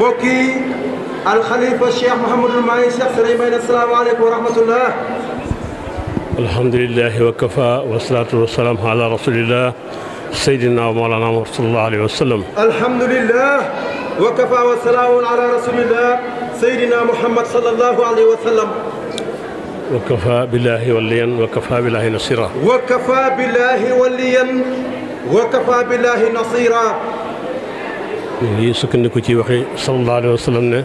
mbokk yi alxalifa cheikh Mouhamadul Mahi cheikh Souleymane asalaamaaleykum wa rahmatullah. alhamdulilah wa kafa wasalaatu wasalaam ala rasulillah sayyidina wa mawlana Muhammad sallallahu alayhi wa sallam. alhamdulilah wa kafa wasalaamun ala rasulillah sayyidina Muhammad sallallahu alayhi wa sallam. wa kafa billahi waliyan wa kafa billahi nasira. wa kafa billahi waliyan wa kafa billahi nasira. lii sukkandiku ci waxi sallallahu alayhi wa sallam ne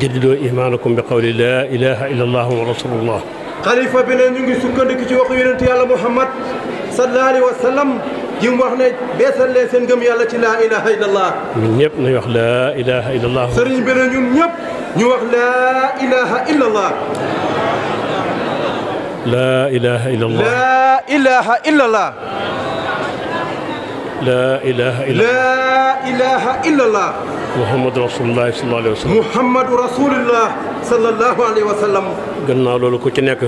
jaddidoo imaanakum bi qawli laa ilaha illa allah wa rasulullah xalifa bi ne ñu ngi sukkandiku ci waxu yonent yàlla muhammad sallallahu alayhi wa sallam ji mu wax ne beesal leen seen ngëm yàlla ci laa ilaha illa allah ñun ñëpp nañ wax laa ilaha illa allah sëriñ bi ne ñun ñëpp ñu wax laa ilaha illa allah laa ilaha illa allah laa ilaha illa allah laa ilaha illallah laa ilaha illallah. Muhammadu rasulullah sallallahu alayhi Muhammadu rasulullah sallallahu alayhi wa gannaaw loolu ku ci nekk.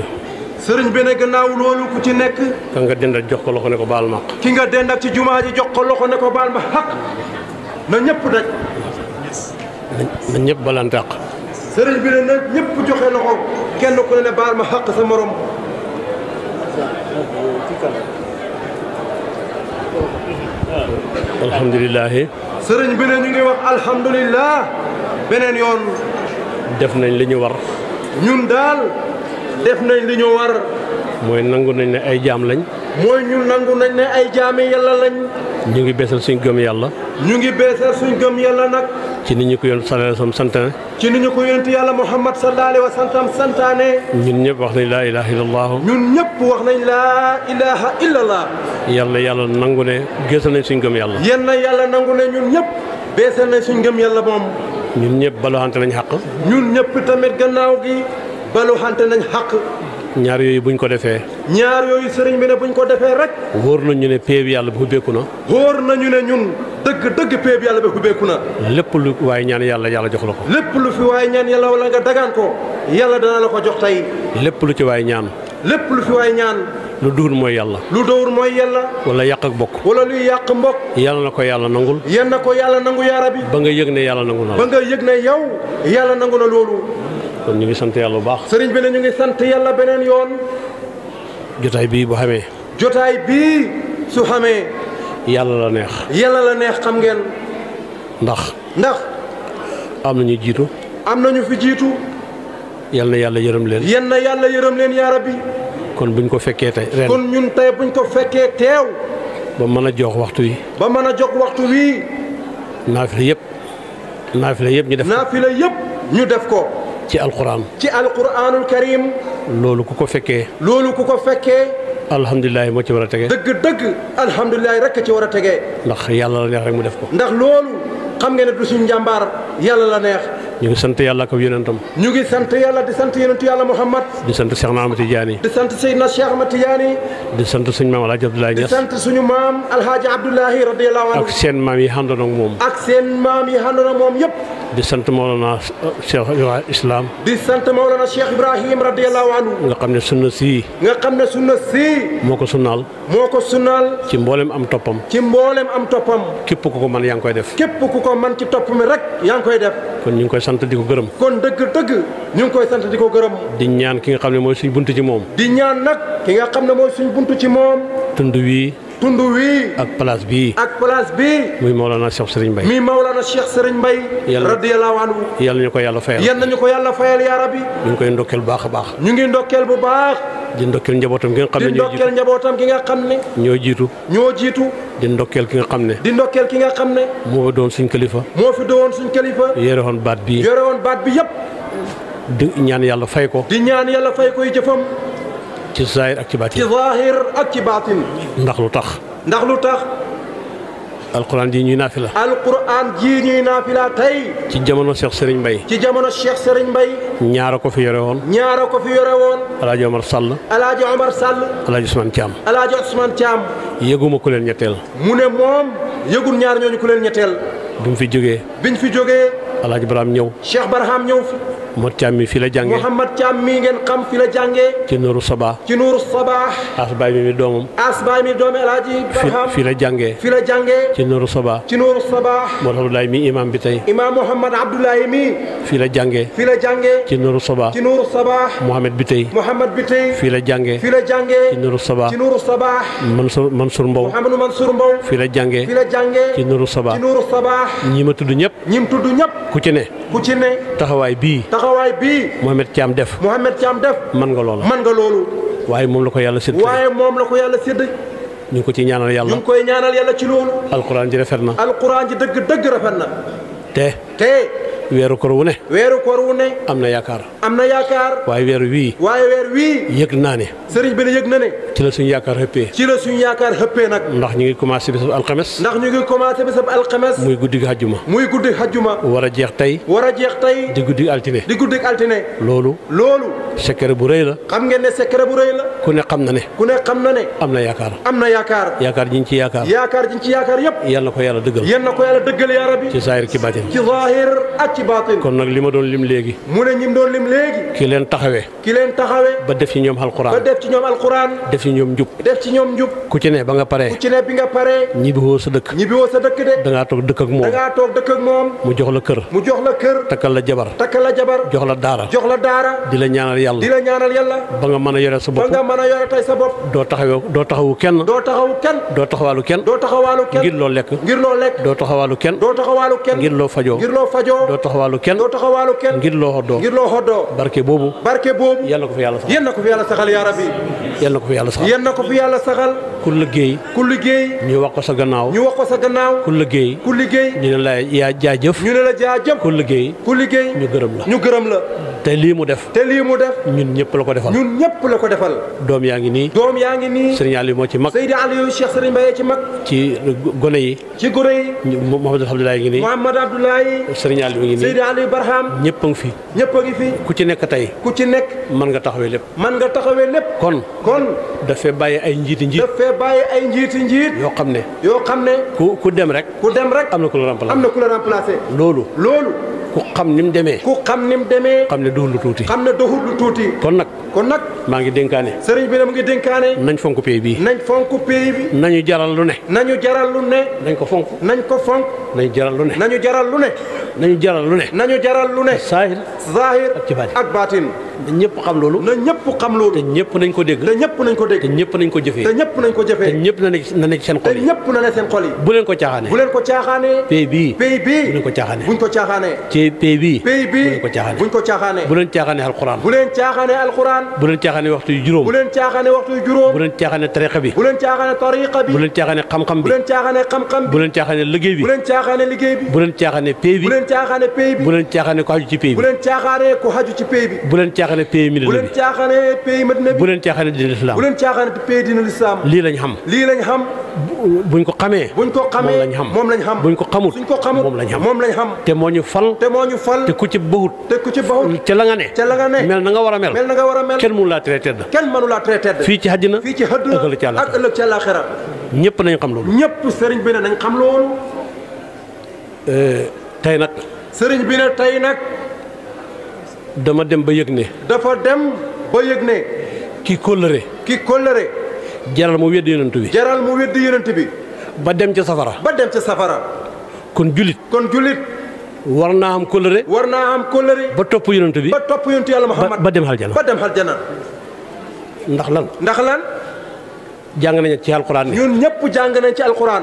sëriñ bi ne gannaaw loolu ku ci nekk. ka nga dendal jox ko loxo ne ko baal ma. ki nga dendal ci jumaa ji jox ko loxo ne ko baal ma xaq na ñëpp daj. na ñëpp balaan tàq. sëriñ bi ne na ñëpp joxe loxo kenn ku ne ne baal ma xaq sa morom. alhamdulilah. sëriñ bi ne ñu ngi wax alhamdulilah. beneen yoon. def nañ li ñu war. ñun daal. def nañ li ñu war. mooy nangu nañ ne ay jaam lañ. mooy ñun nangu nañ ne ay jaami yàlla lañ. ñu ngi beesal suñ gëm yàlla. ñu ngi beesal suñ gëm yàlla nag. ci ni ñu ko yonent sallallahu alayhi wa sallam santaane. ci ni ñu ko yonent yàlla Muhammad sallallahu alayhi wa sallam santaane. ñun ñëpp wax nañ laa ilaaha illallah. ñun ñëpp wax nañ laa ilaaha illallah. na yàlla nangu ne géesal nañ yàlla. na yàlla nangu ne ñun ñëpp. beesal nañ suñ gëm yàlla moom. ñun ñëpp baluxante nañ xàq. ñun ñëpp tamit gannaaw gi baluxante nañ xàq. ñaar yooyu buñ ko defee. ñaar yooyu sëriñ bi ne buñ ko defee rek. wóor nañu ne péew yàlla bu ubbeeku na. wóor nañu ne ñun dëgg dëgg péeb yàlla ba xubeeku na lépp lu waaye ñaan yàlla yàlla jox la ko lépp lu fi waaye ñaan yàlla wala nga dagaan ko yàlla dana la ko jox tey lépp lu ci waaye ñaan lépp lu fi waaye ñaan lu duur mooy yàlla lu dóor mooy yàlla wala yàq ak bokk wala luy yàq mbokk yàlla na ko yàlla nangul yal na ko yàlla nangu yaara bi ba nga yëg ne yàlla nangu na ba nga yëg ne yow yàlla nangu na loolu kon ñu ngi sant yàlla bu baax sëriñ bi ne ñu ngi sant yàlla beneen yoon jotaay bii bu xamee jotaay yàlla la neex. yàlla la neex xam ngeen. ndax. ndax. am na ñu jiitu. am na ñu fi jiitu. yal na yàlla yërëm leen. yal na yàlla yërëm leen yaa rabbi. kon buñ ko fekkee tey ren. kon ñun tey buñ ko fekkee teew. ba mën a jox waxtu wi. ba mën a jox waxtu wi. naafila yëpp. naafila yëpp ñu def ko naafila yëpp ñu def ko. ci alquran. ci alquranul karim. loolu ku ko fekkee. loolu ku ko fekkee. alhamdulilah moo ci war a tegee dëgg dëgg alhamdulilah rek ci war a tege. ndax yàlla la neex rek mu def ko. ndax loolu xam nga ne du suñu njàmbaar yàlla la neex. ñu ngi sant yàlla ko yonentam ñu ngi sant yàlla di sant yonentu yàlla Muhammad di sant Cheikh Ahmad Tidiane di sant Seydina Cheikh di sant suñu maam Alhaji Abdoulaye Niass di sant suñu maam Alhaji Abdoulaye seen maam yi àndoon ak moom ak seen maam yëpp di sant Mawlana Cheikh Islam di sant Mawlana Cheikh nga xam ne sunna sii nga xam ne sunna sii moo ko sunnaal moo ko sunnaal ci mboolem am toppam ci mboolem am toppam képp ku ko man yaa ngi koy def képp ku ko man ci topp mi rek yaa ngi koy def sant di ko gërëm kon dëgg-dëgg ñu ngi koy sant di ko gërëm di ñaan ki nga xam ne mooy suñ buntu ci moom di ñaan nag ki nga xam ne mooy suñu buntu ci moom tund wii tund wi ak place bii. ak place bii. muy Maulana Cheikh Serigne Mbaye. muy Maulana Cheikh Serigne Mbaye. yàlla radiyallahu anhu. yàlla ñu ko yàlla fayal. yàlla ñu ko yàlla fayal yaa rabbi. ñu koy ndokkeel bu baax baax. ñu ngi ndokkeel bu baax. di ndokkeel njabootam gi nga xam ne ñoo jiitu di ndokkeel njabootam gi nga ne. ñoo jiitu. ñoo jiitu. di ndokkeel ki nga xam ne. di ndokkeel ki nga xam ne. moo fi doon suñ kilifa. moo fi doon suñ kilifa. yore woon baat bi. yore woon baat bi yëpp. di ñaan yàlla fay ko. di ñaan yàlla ci zaahir ak ci baatin. ci ak ci baatin. ndax lu tax. ndax lu tax. alquran ji ñuy naafila. alquran jii ñuy naafila tey. ci jamono Cheikh Serigne Mbaye. ci jamono Cheikh Serigne ñaar ñaara ko fi yore woon. ñaara ko fi yore woon. El Hadj Omar Sall. El Hadj Omar Sall. El Hadj Ousmane Thiam. El Hadj Ousmane ku leen ñetteel. mu ne moom yëgul ñaar ñooñu ku leen ñetteel. bi mu fi jógee. biñ fi jógee. El Hadj ñëw. Cheikh Barham ñëw fi. Mor Thiam mi fii la jàngee Mouhamad Thiam mii ngeen xam fi la jàngee. ci Nuuru Sabaa. ci Nuuru Sabaa. Asbaay mi mi doomam. Asbaay mi doomi El Hadji Barham fii la jàngee. fii la jàngee. ci Nuuru Sabaa. ci Nuuru Sabaa. Mor Abdoulaye mi imaam bi tey. imaam Mouhamad Abdoulaye mi. fii la jàngee. fii la jàngee. ci Nuuru Sabaa. ci Nuuru Sabaa. Mouhamed bi tey. Mouhamed bi tey. fii la jàngee. fii la jàngee. ci Nuuru Sabaa. ci Nuuru Sabaa. Mansour Mansour Mbow. Mouhamadou Mansour Mbow. fii la jàngee. fii la jàngee. ci Nuuru Sabaa. ci Nuuru Sabaa. ñi ma tudd ñëpp. ñi mu tudd ñëpp. ku ci ne. ku ci ne. taxawaay bii. taxawaay bii. Mouhamed Thiam def. Mouhamed Thiam def. man nga loolu. man nga loolu. waaye moom la ko yàlla sédd. waaye moom la ko yàlla sédd. ñu ngi ko ci ñaanal yàlla. ñu ngi koy ñaanal yàlla ci loolu. alquran ji rafet na. alquran ji dëgg dëgg rafet na. te. weeru koor wu ne. weeru koor wu ne. am na yaakaar. am na yaakaar. waaye weer wii. waaye weer wii. yëg naa ne. sëriñ bi ne yëg na ne. ci la suñu yaakaar xëppee. ci la suñu yaakaar xëppee nag. ndax ñu ngi commencé bisab alxames. ndax ñu ngi commencé bisab alxames. muy guddi hajjuma. muy guddi hajjuma. war a jeex tey. war a jeex tey. di guddi altine. di guddi altine. loolu. loolu. secret bu rëy la. xam ngeen ne secret bu rëy la. ku ne xam na ne. ku ne xam na ne. am na yaakaar. am na yaakaar. yaakaar ji ñu ci yaakaar. yaakaar ji ci yaakaar yëpp. yal ko yàlla dëggal. na ko yàlla dëggal yaa rabbi. ci zaahir ci ci kon nag li ma doon lim léegi mu ne ñim doon lim léegi ki leen taxawe ki leen taxawee ba def ci ñoom alquran ba def ci ñoom alquran def ci ñoom njub def ci ku ci ne ba nga pare ku ci ne bi nga paree ñibbi woo sa dëkk ñibbi woo sa dëkk de da toog dëkk ak moom da ngaa toog moom mu jox la kër mu jox la kër takkal la jabar takkal la jabar jox la daara jox la daara di la ñaanal yàlla di la ñaanal ba nga mën a yore sa bopp ba nga mën a yore tey sa bopp doo taxawee doo taxawu kenn doo taxawu kenn doo taxawaalu kenn doo taxawaalu kenn ngir loo lekk ngir loo lekk doo taxawaalu kenn doo taxawaalu kenn ngir loo fajoo taxawaalu kenn doo taxawaalu kenn ngir loo xoddoo ngir loo xoddoo barke boobu barke boobu yal na ko fi yàlla saxal ko fi yàlla saxal yaa rabbi yal na ko fi yàlla saxal ko fi yàlla saxal ku liggéey ku ñu wax ko sa gannaaw ñu wax ko sa gannaaw ku liggéey ñu ne la yaa jaajëf ñu ne la jaajëf ku liggéey ku ñu gërëm la ñu gërëm la te lii mu def te lii mu def ñun ñëpp la ko defal ñun ñëpp la ko defal doom yaa ngi nii doom yaa ngi nii sëriñ Aliou moo ci mag sëriñ Aliou Cheikh sëriñ Mbaye ci mag ci gone yi ci gone yi Mouhamadou Abdoulaye ngi nii Mouhamadou Abdoulaye sëriñ Aliou ngi nii Seydi Aliou Barham a ngi fi ñëpp a ngi ku ci nekk tey ku ci nekk mën nga taxawee lépp mën nga taxawee lépp kon kon dafay bàyyi ay njiiti njiit dafay bàyyi ay njiiti njiit yoo xam ne yoo xam ne ku ku dem rek ku dem rek am na ku la remplacé am na ku la remplacé loolu loolu ku xam ni mu demee. ku xam ni mu demee. xam ne doxul lu tuuti. xam ne doxul lu tuuti. kon nag. kon nag. maa ngi dénkaane. sëriñ bi na mu ngi dénkaane. nañ fonk pay bi. nañ fonk pay bi. nañu jaral lu ne. nañu jaral lu ne. nañ ko fonk. nañ ko fonk. nañu jaral lu ne. nañu jaral lu ne. nañu jaral lu ne. nañu jaral lu ne. saahir. saahir ak baatin na ñëpp xam loolu. na ñëpp xam loolu. te ñëpp nañ ko dégg. te ñëpp nañ ko dégg. te ñëpp nañ ko jëfee. te ñëpp nañ ko jëfee. te ñëpp na nekk na nekk seen xol yi. te ñëpp na nekk seen xol yi. bu leen ko caaxaanee. bu leen ko caaxaanee. pay bii. pay bii. bu leen ko caaxaanee. buñ ko caaxaanee. pay pay bii. pay bii buñ ko caaxaanee bu leen caaxaanee alxuraan. bu leen caaxaanee alxuraan. bu leen caaxaanee waxtu yu juróom. bu leen caaxaanee waxtu yu juróom. bu leen caaxaanee tariqa bi. bu leen caaxaanee tariqa bi. ku xaju ci pay bi. bu leen caaxaanee ku xaju ci pay bi. bu leen caaxaanee buñ ko xamee. buñ ko xamee buñ ko xamul. te moo fal. moo ñu te ku ci baxut. te ku ci baxut. ca la mel na nga war a mel. mel na a mel kenn mënu laa tedd. fii ci àddina fii ñëpp nañ xam loolu. ñëpp sëriñ bi ne xam loolu. Euh, tey nag. sëriñ bi ne tey nag. dama dem ba yëg ne. dafa dem ba yëg ne. ki kóllëre. ki kóllëre. jaral mu weddi yonent bi. jaral mu weddi yonent bi. ba dem ca safara. ba dem ca safara. kon julit. war naa am kóllëre. war naa am kóllëre. ba topp yonent bi ba topp yonent yàlla Muhammad ba dem aljana ba dem aljana ndax lan. ndax lan. jàng nañ ci alquran. ñun ñëpp jàng nañ ci alquran.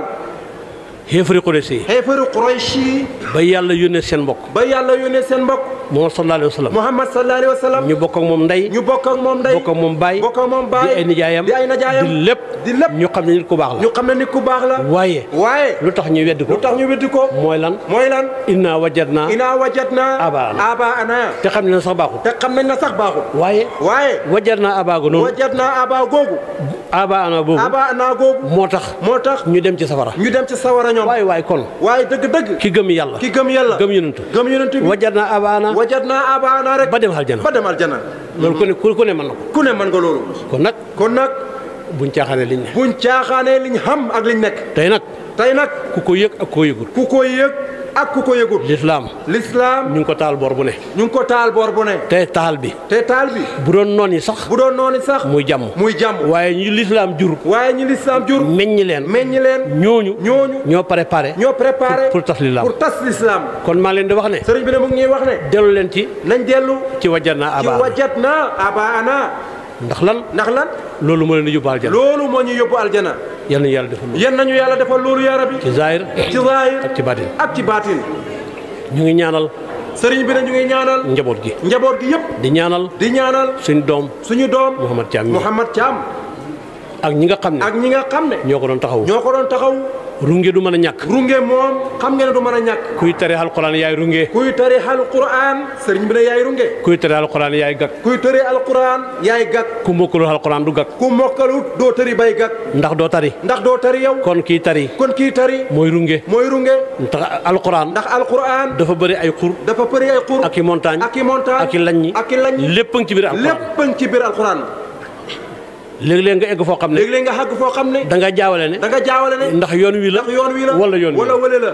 xeefaru Quraysh yi. xeefaru Quraysh yi. ba yàlla yónnee seen mbokk. ba yàlla yónnee seen mbokk. Muhammad sallallahu alayhi wa sallam. Muhammad sallallahu alayhi wa sallam. ñu bokk moom ndey. ñu bokk ak moom ndey. bokk moom baay. bokk ak moom baay. di ay nijaayam. di ay nijaayam di lépp. di lépp ñu xam ne nit ku baax la. ñu xam ne la. waaye. waaye lu tax ñu weddi ko. lu tax ñu weddi ko. mooy lan. mooy lan. inna wajadna. inna wajadna. abaana. abaana. te xam nañ ne sax baaxul. te xam nañ ne sax baaxul. waaye. waaye. wajadna abaago noonu. wajadna abaago googu. abaana boobu. abaana googu. moo tax. moo tax ñu dem ci safara. ñu dem ci safara ñoom waay waay kon waaye dëgg dëgg ki gëm yàlla ki gëm yàlla gëm yonent gëm yonent bi wajat naa abaana wajat naa abaana rek ba dem aljana ba dem aljana loolu ku ne ku ne mën na ko ku ne mën ko loolu kon nag kon nag buñ caaxaanee liñ ne buñ caaxaanee liñ xam ak liñ nekk tey nag tey nag ku ko yëg ak koo yëgul ku ko yëg ak ku ko yëgul lislaam lislaam ñu ngi ko taal boor bu ne ñu ngi ko taal bor bu ne te taal bi te taal bi bu doon noon yi sax bu doon noon yi sax muy jàmm muy jàmm waaye ñu lislaam jur waaye ñu lislaam jur meññi leen meññi leen ñooñu ñooñu ñoo préparé ñoo préparé pour tas lislaam pour tas lislaam kon maa leen di wax ne sëriñ bi ne mu ngi ñuy wax ne dellu leen ci nañ dellu ci wajat naa aba ci wajat naa aba ana ndax lan ndax lan loolu moo leen di yóbbu aljana loolu moo ñu yóbbu aljana yal nañu yàlla defal loolu. yal nañu yàlla defal loolu yaa rabbi. ci zaahir ci zaahir ak ci baatin ak ci baatin. ñu ngi ñaanal. sëriñ bi na ñu ngi ñaanal. njaboot gi njaboot gi yëpp. di ñaanal. di ñaanal suñu doom. suñu doom Mouhamad Thiam. Mouhamad caam ak ñi nga xam ne. ak ñi nga xam ñoo ko doon taxaw ñoo runge du mën a ñàkk. runge moom xam ngeen du mën a ñàkk. kuy tere alquran yaay runge. kuy tere alquran sëriñ bi ne yaay runge. kuy tere alquran yaay gàkk. kuy tere alquran yaay gàkk. ku mokkalu alquran du gàkk. ku mokkalu doo tëri bay gàkk. ndax doo tari. ndax doo tari yow. kon kii tari. kon kii tari. mooy runge. mooy runge. ndax alquran. ndax alquran. dafa bëri ay xur. dafa bëri ay xur. ak i montagne. ak i montagne. ak i laññi. lépp ci biir alquran lépp a ci biir alquran léeg-léeg nga egg foo xam ne léeg-léeg nga xàgg foo xam ne. da nga jaawale ne da nga jaawale ne. ndax yoon wi la ndax yoon wi la wala yoon wi wala la.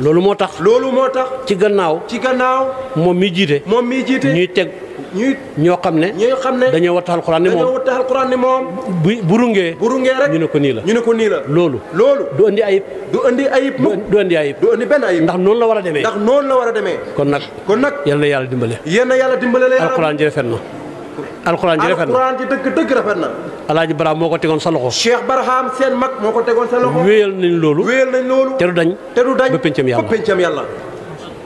loolu moo tax. loolu moo tax. ci gannaaw. ci gannaaw. moom mi jiite. moom mii jiite ñuy teg. ñuy ñoo xam ne. ñoo xam ne dañoo watta alxuraan ni moom dañoo watta alxuraan moom. bu bu rungee. bu rungee rek ñu ne ko nii la. ñu ne nii la loolu. loolu du andi ayib. du andi ayib mu du andi ayib. du andi benn ndax noonu la war a demee. ndax noonu la war a kon nag. kon nag yal na yàlla dimbale. yal na yàlla dimbale la alxuraan ji rafet na. alxuraan ji rafet na alxuraan ji dëgg dëgg rafet na. alaaji Barham moo ko tegoon sa loxo. Cheikh Barham seen mag moo ko tegoon sa loxo. wéyal nañ loolu. wéyal nañ loolu. te du dañ. te du dañ ba pencam yàlla ba pencam yàlla.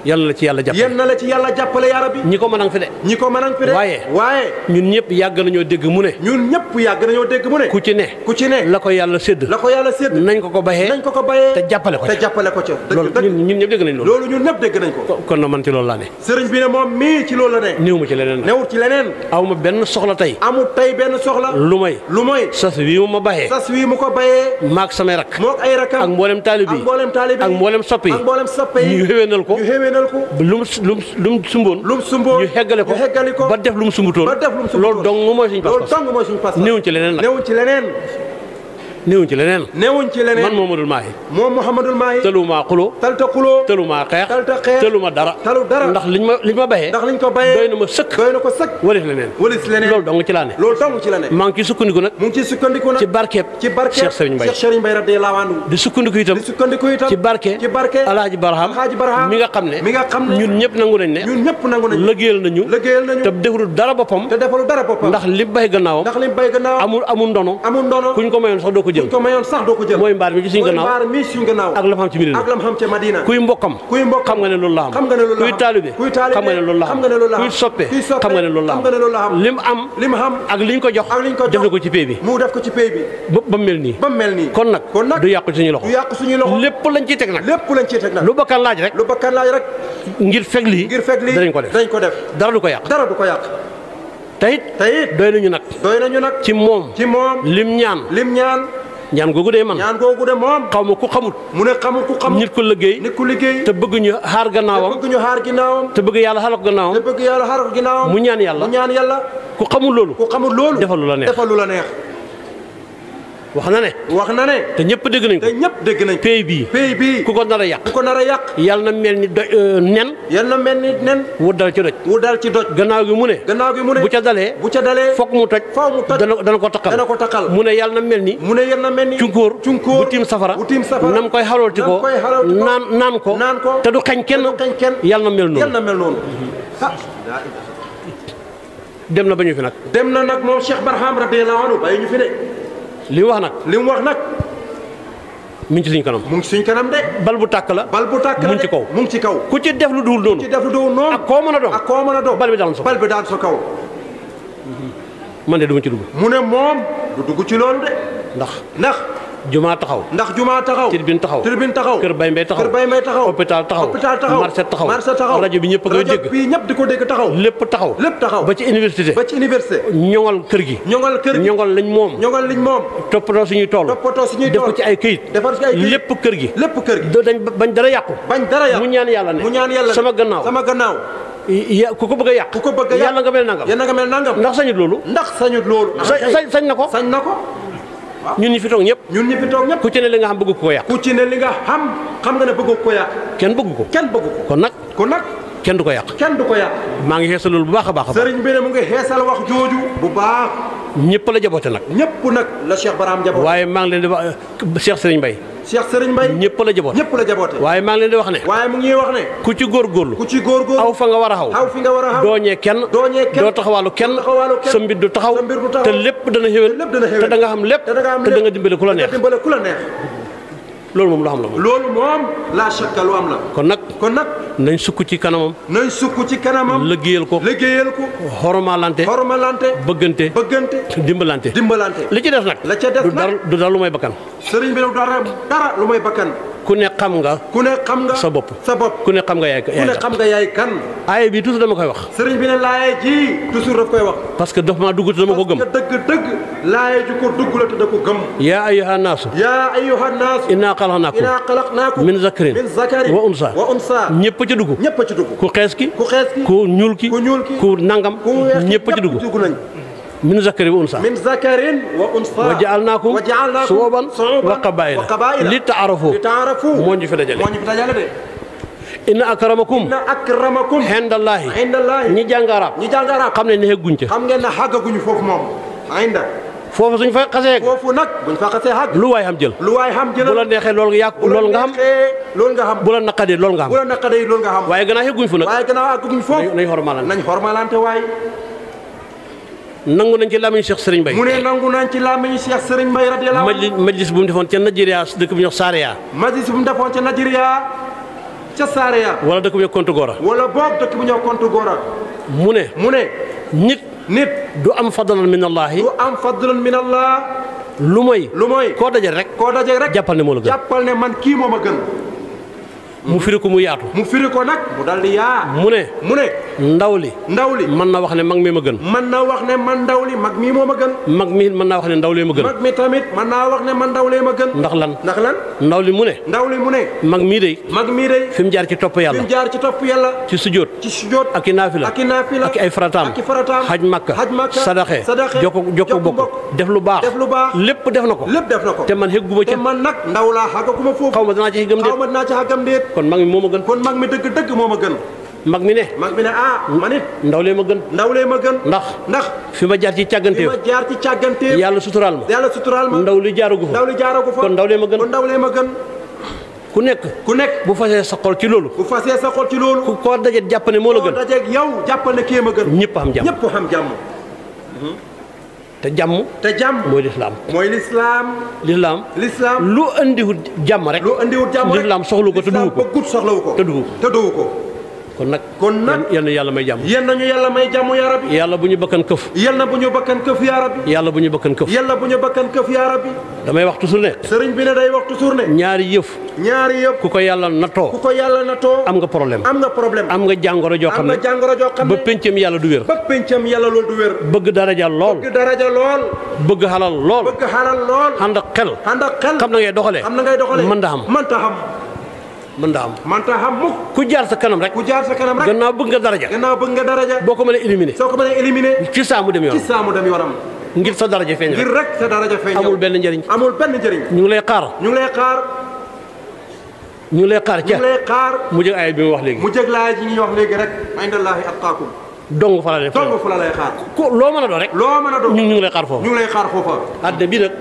yàlla la ci yàlla jàppale yéen na la ci yàlla jàppale yaa ñi ko mën a fi de ñi ko mën a fi de waaye waaye dégg mu ne ñun ñëpp yàgg nañoo dégg mu ne ku ci ne ku ci ne la ko yàlla sédd la ko yàlla sédd nañ ko ko bayee nañ ko ko bayee te jàppale ko te jàppale ko ca loolu ñun ñëpp dégg nañ loolu ñun ñëpp dégg nañ ko kon na man ci loolu laa ne sëriñ bi ne moom mii ci loolu la ne néew ci leneen newut ci leneen aw ma benn soxla tey amul tey benn soxla lu may lu may sas wii mu ma bayee sas wii mu ko bayee maak samay rak mook ay rakam ak mboolem taalibi ak mboolem taalibi ak mboolem soppi ak mboolem soppi ñu xéwénal gënal ko. lu mu lu mu lu mu sumboon. lu mu sumboon ñu heggale ko ba def lu mu sumbutoon. ba def loolu dong mooy suñu pas-pas. loolu dong mooy leneen nag. leneen. néewuñ ci leneen. man Mohamadul Mahi. moom Mohamadul Mahi. tëlumaa xuloo. xeex. talta xeex dara. ndax liñ ma liñ doy na ma sëkk. doy na ko sëkk walis leneen. walis leneen loolu dong ci laa ne. loolu dong ci la ne. sukkandiku nag. mu ngi sukkandiku nag ci barkeeb. ci barkeeb Cheikh Serigne Mbaye di sukkandiku itam. ci barke. ci barke mi nga xam ne. mi nga xam ne ñun ñëpp nangu nañ ne. ñun ñëpp nangu nañ ne nañu. te defulu dara boppam. ndax li bay gannaawam. ndax ndono. kuñ ko mayoon sax doo ko jël ko mayoon sax doo ko jël mooy mbaar mi ci suñu gannaaw ak la xam ci kuy mbokkam kuy mbokk kuy soppe lim am ak liñ ko jox def na ko ci pay bi mu def ko ci pay bi ba nii kon nag du yàqu suñu loxo du yàqu suñu loxo lépp lañ ciy teg nag lépp lañ ciy teg nag lu bakkan laaj rek lu bakkan laaj rek ngir fekk lii ngir fekk def danañ ko def dara du ko yàq dara tayit tayit doy nañu nag. doy nañu nag ci moom. ci moom lim ñaan lim ñaan. ñaan googu de man ñaan googu de moom. xaw ma ku xamut. mu ne xamut ku xamut nit ku liggéey. nit ku liggéey te bëgg ñu xaar gannaawam. te bëgg xaar gannaawam. te bëgg yàlla xaar gannaawam. te bëgg yàlla xaar gannaawam. mu ñaan yàlla ñaan yàlla. ku xamul loolu. ku xamul loolu. defal lu la lu la neex. wax na ne. wax na ne. te ñëpp dégg nañ ko. te ñëpp dégg nañ ko. bii. pay ku ko nar a yàq. ko nar yàq. yal na mel ni do euh, nen. yal na mel ni nen. wu dal ci doj. wu dal ci doj. gannaaw gi mu ne. gannaaw gi mu bu ca dalee. bu ca dalee. foog mu toj. foog mu toj dana dana ko takkal. ko takkal mu ne yal na mel ni. mu ne yal na ni. cunkóor cunkóor bu tiim safara. bu tiim safara nam koy xarooti ko. nam koy xarooti ko naan naan ko. naan ko te du xañ kenn. du kenn yal na mel noonu. na mel noonu. dem na ba ñu fi nag. dem na nag moom Cheikh Barham radiyallahu anhu bàyyi ñu fi de li wax nag. li mu wax nag. mu ci suñ kanam. mu ngi ci suñ kanam de. bal bu tàkk la. bal bu tàkk la mu ci kaw. mu ngi ci kaw ku ci def lu duwul noonu. ku def lu duwul noonu. ak koo mën a doon koo mën a doon. bal bi daan sa bal bi daan sa kaw. man de du ma ci dugg. mu ne moom du dugg ci loolu de. ndax ndax. jumaa taxaw ndax jumaa taxaw tribune taxaw tribune taxaw kër bay mbay taxaw kër bay mbay taxaw hôpital taxaw hôpital taxaw marché taxaw marché taxaw rajo bi ñëpp a koy dégg bi ñëpp di ko dégg taxaw lépp taxaw lépp taxaw ba ci université ba ci université ñoŋal kër gi ñoŋal kër gi ñoŋal lañ moom ñoŋal lañ moom toppatoo suñuy tool toppatoo suñuy tool def ko ci ay këyit defar ci ay këyit lépp kër gi lépp kër gi dañ bañ dara yàqu bañ dara yàqu mu ñaan yàlla ne mu ñaan yàlla sama gannaaw sama gannaaw ya ku ko bëgg a yàq ku ko bëgg a yàq yàlla nga mel nangam yàlla nga mel nangam ndax sañut loolu ndax sañut loolu sañ na ko sañ na ko ñun ñi fi toog ñëpp ñun ñi fi toog ñëpp ku ci ne li nga xam bëgg ko yàq ku ci ne li nga xam xam nga ne bëgg ko yàq kenn bëgg ko kenn bëgg ko kon nag kon nag kenn du ko yàq. kenn du ko yàq. maa ngi xeesal loolu bu baax a baax. sëriñ bi ne mu ngi xeesal wax jooju. bu baax. ñëpp la jaboote nag. ñëpp nag la Cheikh Baraam jaboote. waaye maa ngi leen di wax Cheikh Sëriñ Mbaye. Cheikh Sëriñ Mbaye ñëpp la jaboote ñëpp la jaboote waaye maa ngi leen di wax ne waaye mu ngi wax ne ku ci góorgóorlu ku ci góorgóorlu aw fa nga war a xaw aw fi nga war a xaw dooñee kenn dooñee kenn doo taxawaalu kenn sa mbir du taxaw te lépp dana xéwél te da nga xam lépp te da nga dimbale ku la neex loolu moom lu xam la moom. loolu moom laa shakka lu am la. kon nag kon nag. nañ sukk ci kanamam. nañ sukk ci kanamam. liggéeyal ko liggéeyal ko. xoromalante. xoromalante. bëggante. bëggante dimbalante. dimbalante li ci des nag. la ca des nag du dara lu may bakkan. sëriñ bi dara dara lu may bakkan. ku ne xam nga. ku ne xam nga sa bopp. sa bopp ku ne xam nga yaay kan. ku ne xam nga yaay kan. aaye bi toujours dama koy wax. sëriñ bi ne laaye ji toujours daf koy wax. parce que dox maa dugg te dama ko gëm. parce que dëgg dëgg laaye ji ko dugg la te da ko gëm. yaa ayyuha naasu. yaa ayyuha naasu. innaa wa unsa. wa ñëpp a ci dugg. ñëpp ku xees ki. ku xees ki ñuul ki. ku ñuul ki ku nangam. ku ñëpp a ci dugg nañ min zakarin wa unsa min zakarin wa unsa wa jaalnaakum suuban wa qabaila li taarafu moo ñu fi dajale inna akramakum inna akramakum xindallaahi ñi jàng arab ñi jàng xam ne ne xegguñ ca xam ngeen ne xàggaguñu foofu moom inda foofu suñ fa xasee foofu nag buñ fa xasee xàgg lu waay xam jël lu waay xam jël bu la neexee loolu yàq loolu nga xam loolu nga xam bu la naqadee loolu nga xam bu la naqadee loolu nga xam waaye gannaaw xegguñ fu nag waaye gannaaw nañ xormalante nañ nangu nañ ci làmmiñu Cheikh Serigne Mbaye mu ne nangu nañ ci làmmiñu Cheikh Serigne Mbaye radiyallahu anhu majlis bu mu defoon ca Nigeria dëkk bu ñuy wax Saareya majlis bu mu defoon ca Nigeria ca Saareya wala dëkk bu ñuy wax Kontagora wala boog dëkk bu ñuy wax Kontagora mu ne mu ne nit nit du am fadlan min Allah du am fadlan min Allah lu mooy lu mooy koo daje rek koo daje rek jàppal ne moo la gën man kii moom a gën mu firi ko mu yaatu. mu firi ko nag mu dal di yaa. mu ne mu ne. ndaw li. ndaw li mën na wax ne mag mi ma gën. mën na wax ne man ndaw li mag mii moo ma gën. mag mi mën naa wax ne ndaw lee ma gën. mag tamit mën naa wax ne man ndaw lee ma gën. ndax lan ndax lan. ndaw li mu ne. ndaw li mu ne. mag mii dey mag mii day. fi jaar ci topp yàlla. fi jaar ci topp yàlla. ci sujoot. ci sujoot ak i naafila. ak i naafila ak i ay farataam. ak i farataam xaj makka. xaj makka sadaxe. sadaxe jokko jokko bokk. def lu baax def lu baax lépp def na ko. lépp def na ko te man xëgguma ci. te man nag ndaw laa xàggaguma foofu. xaw ma dinaa ci xàggam déet kon mag mi moo ma gën. kon mag mi dëgg dëgg moo ma gën. mag mi ne. mag mi ne ah man ndaw lee ma gën. ndaw lee ma gën. ndax. ndax fi ma jaar ci càgganteef. fi ma jaar ci càgganteef. yàlla suturaal ma. yàlla suturaal ma ndaw li jaaragu fa. ndaw li jaaragu fa kon ndaw lee ma gën. kon ndaw lee ku nekk ku nekk bu fasee sa xol ci loolu. bu fasee sa xol ci loolu. ku koo daje jàpp ne moo la gën. koo daje yow jàpp gën. ñëpp am jàmm ñëpp am jàmm. te jàmm. te jàmm mooy lislaam. mooy lislaam. lislaam. lislaam lu andiwut jàmm rek. lu andiwut jàmm rek lislaam soxlu ko te duwu ko. lislaam bëggut soxlawu ko te ko. kon nag kon nag yal yàlla may jàmm yal nañu yàlla may jàmm yaa yàlla bu ñu bakkan këf yal na bu ñu bakkan këf yaa rabbi yàlla bu ñu bakkan këf yal na bu ñu bakkan këf yaa rabbi damay wax toujours ne sëriñ bi ne day wax toujours ne ñaari yëf ñaari yëf ku ko yàlla natoo ku ko yàlla natoo am nga problème am nga problème am nga jàngoro joo xam ne jàngoro joo ba péncam yàlla du wér ba péncam yàlla loolu du wér bëgg daraja lool bëgg daraja lool bëgg xalal lool bëgg xalal lool ànd xel ànd ak xel xam na ngay doxalee xam na ngay doxalee mën ta xam mën ta xam mën naa am man taa xam mukk ku jaar sa kanam rek ku jaar sa kanam rek gannaaw bëgg nga daraja gannaaw bëgg nga daraja boo ko mënee éliminer soo ko mënee éliminer ci saa mu dem yoonam ci saa mu dem ngir sa daraja feeñ ngir rek sa daraja feeñ amul benn njëriñ amul benn njëriñ ñu ngi lay xaar ñu ngi lay xaar ñu ngi lay xaar ca ñu mu jëg ay bi mu wax léegi mu jëg laaya ji ñuy wax léegi rek indallaahi atqaakum dong fa la lay xaar ko loo mën a doon rek. loo a doon ñu ngi lay xaar foofa. ñu ngi lay xaar foofa. àddina bii nag.